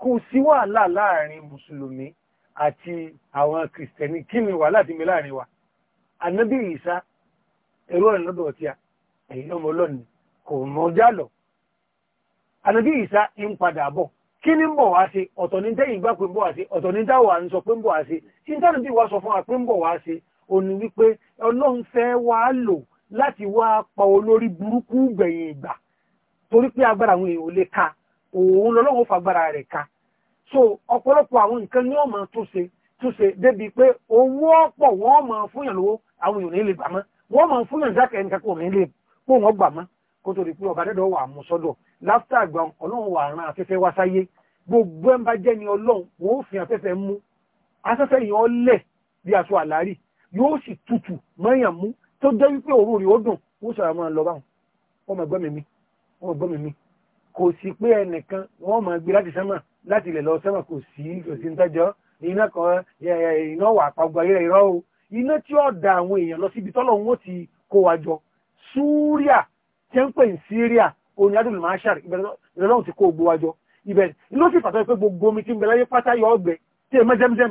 kò sí wàhálà láàrin mùsùlùmí àti àwọn kìrìsìtẹ́nì kí ni wàhálà ti mi láàrin wa anabi isa ẹ̀rọ ọ̀rìn lọ́dọ̀ ọ̀tí a èyí ọmọ ọlọ́ni kò mọ jálọ̀ anabi isa ń padà bọ̀ kí ni ń bọ̀ wá sí ọ̀tọ̀ ní tẹ́yìn gbà pé ń bọ̀ wá sí ọ̀tọ̀ ní táwọn à ń sọ pé ń bọ̀ wá sí tí ń tánàbí wa sọ fún wa pé ń bọ̀ wá sí òní wípé ọlọ́run fẹ́ wá lò láti wá pa olórí burúkú gbẹ̀yìn ìgbà torí pé agbára àwọn èèyàn ò lè ka òun lọ́lọ́run fagbára rẹ̀ ka so ọ̀pọ̀lọpọ̀ àwọn nǹkan ní ọ̀mọ̀ tó ṣe tó ṣe débi pé owó ọ̀pọ̀ wọ́n máa fúnyàn lówó àwọn èèyàn nílé gbà mọ́ wọ́n máa fúnyàn jákè ẹnìkan kò nílé kó wọ́n gbà mọ́ kó tó di pé ọba dẹ́dọ̀ wà mú sọ́dọ̀ láfíà àgbà ọlọ́run wà ran afẹ́fẹ́ wá sáyé gbogbo ẹ̀ ń bá jẹ́ ni ọlọ́run wọ́n ó fi afẹ́fẹ́ mú afẹ́fẹ́ yẹn ọ lẹ̀ bí aṣọ àlárí yóò sì tutù mọ́yàn mú tó jẹ́ wípé òru rí ó dùn ó sọ̀rọ̀ máa lọ báwọn wọ́n máa gbọ́mì mi wọ́n gbọ́mì mi kò sí pé ẹnìkan wọ́n máa gbé láti sẹ́mà láti ilẹ̀ lọ sẹ́mà kò sí kò sí ntájọ́ iná kan iná wà pàgbọ́ ayé irọ́ o iná tí ó da àwọn èèyàn lọ síbi tọ́lọ̀ wọn ti kó wa jọ súríà tẹ́ ń pè ní síríà òní adúlù máa ṣàr ìbẹ̀rẹ̀ lọ́hùn ti kó gbó wa jọ ìbẹ̀rẹ̀ ló sì pàtó pé gbogbo omi ti ń bẹ láyé pátá yọ ọgbẹ tí ẹ mọ́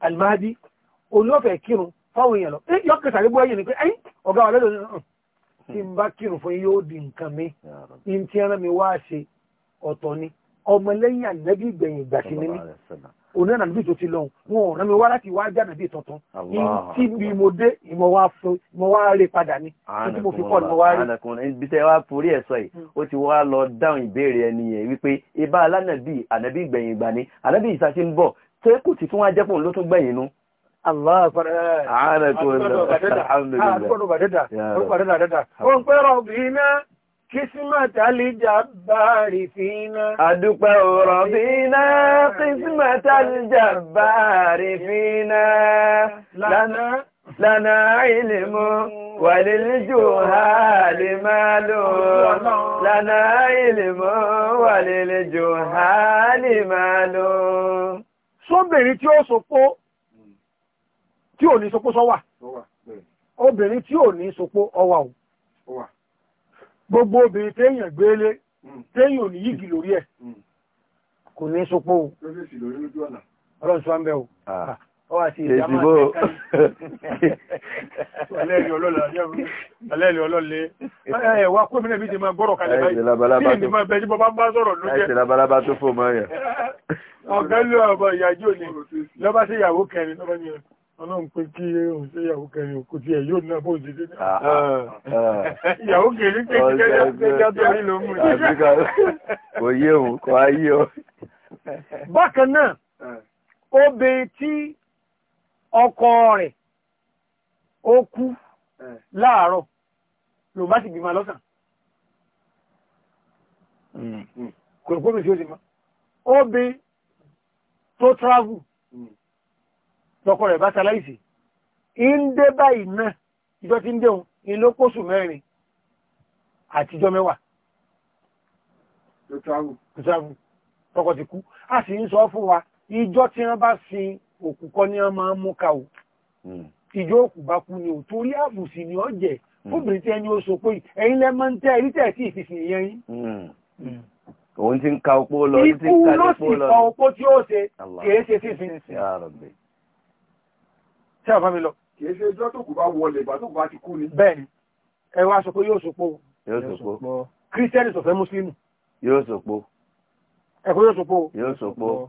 alimahadi olóòfẹ́ kírun fáwọn èèyàn lọ eh, yọ kẹsàrí bó ẹyìn ni pé ẹyìn ọ̀gá wa lọ́dọ̀ náà hmm. tí n bá kírun fún yóò di nǹkan mi n tí ẹran mi wá ṣe ọ̀tọ̀ ni ọmọlẹ́yìn ànábì ìgbẹ̀yìn ìgbà sí ni mí òun náà nàbí tó ti lọ́hùn wọn ò rán mi wá láti wá jáde bí tuntun tí bí mo dé ìmọ̀ wá fún ìmọ̀ wá rè padà ni tí mo fi kọ́ ṣé kò tí tún wá jẹ́ pòun ló tún gbẹ̀yìn nu. Allah akbar. Eh. Ààrẹ kò lọ. Alhamdulillah. Àkọ́dọ̀ bàdẹ́dà. Àkọ́dọ̀ bàdẹ́dà. Ó ń pẹ́rọ̀ bí iná. قسمة الجبار فينا أدوك ربينا قسمة الجبار فينا لنا لنا علم وللجهال مال لنا علم وللجهال مال sóbìnrin tí ó sopó tí ò ní sopó sọ́wà obìnrin tí ò ní sopó ọwà o gbogbo obìnrin téèyàn gbélé hmm. téèyàn ò ní yígi lórí ẹ̀ hmm. kò ní sopó o ọlọ́run sọ bẹ́ o ah. èsìbò alẹ́ẹ̀lì ọlọ́lẹ̀ ẹ̀wà kómìnà bí ti máa gbọ́rọ̀ kalẹ̀ báyìí bí ni máa bẹ́jú bọ́ bá bá sọ̀rọ̀ ló jẹ́ ẹ̀sìn labalábá tó fò mọ́ yẹn [LAUGHS] ọ̀gá ló ọ̀bọ̀ ìyàjú òní lọ́bá sí ìyàwó kẹrin lọ́bá ní ọlọ́run pé kí òun sí ìyàwó kẹrin kò tiẹ̀ yóò náà bó ṣe dé ah, ah, ah. ìyàwó kẹrin kékeré torí ló mú kò yé òun kò á yé ọ. bákan náà obìnrin tí ọkọ rẹ̀ ó kú láàárọ̀ ló bá sì bímọ lọ́sàn mm. mm. kò kó mi sí ó sì mọ́ óbe tó travel mm. tọkọ rẹ̀ bá ṣaláìsì ń dé báyìí náà ìjọ tí ń déhun ìlú kóṣù mẹ́rin àtijọ́ mẹ́wàá tó travel tọkọ ti kú a sì ń sọ fún wa ìjọ tí wọ́n bá sin òkú kọ́ ni máa ń mú ká o hmm. ìjọ òkú bá kú ni ò torí àbùsì ni ó jẹ́ hmm. fúbìrì tí ẹni ó so pé ẹ̀yin lẹ́ máa ń tẹ́ ẹ̀rí tẹ̀ sí ìfìsìn ìyẹn yín. Hmm. òun ti ń ka opó lọ òun ti ń ka opó lọ ikú ló sì kan opó tí ó ṣe kìí ṣe sí ṣé àbá mi lọ. kìí ṣe ìjọ tó kù bá wọlé ìgbà tó kù bá ti kú ni. bẹ́ẹ̀ni ẹ wá sọ pé yóò sopó. yóò sopó. kírísítẹ́nì sọ̀fẹ́ mùsùlùmí. yóò sopó. ẹ̀kọ́ yóò sopó. yóò sopó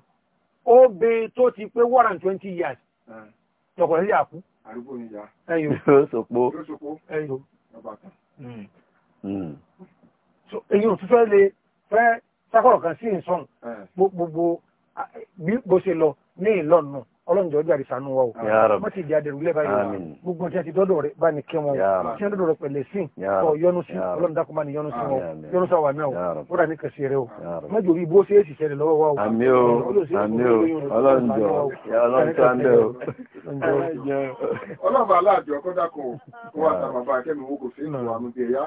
ó be tó ti pé one and twenty years hmm. tọkọ̀rẹ́ sí àkú. àdúgbò ni ìyá. ẹyọ [LAUGHS] yóò sòpó. yóò sòpó. ẹyọ. ọba kan. Hmm. Hmm. so èyí ò tún fẹ́ lè fẹ́ sákọ̀rọ̀ kan sí ìsọ̀n gbogbo bó ṣe lọ ní ìlọ́nù ọlọ́njọ́ jàrí sànú wa o wọ́n ti di adẹ̀rù lẹ́bàá yìí gbogbo ọ̀tí àti dọ́dọ̀ rẹ̀ bá ní kí wọn o tí wọ́n dọ́dọ̀ rẹ̀ pẹ̀lẹ́ sí ọ yọnu sí ọlọ́ndàkùn bá ní yọnu sí wọn yọnu sí àwọn àmì ọ ó rà ní kẹsì rẹ o mọ́jọ bí bó ṣe é sì ṣẹlẹ̀ lọ́wọ́ wa o. àmì o àmì o ọlọ́njọ́ ọlọ́njọ́ àndẹ́ o. ọlọ́ba aláàjọ kọ́dà kan wà tàbàbà akẹ́mi owó kò sí ìlú àmì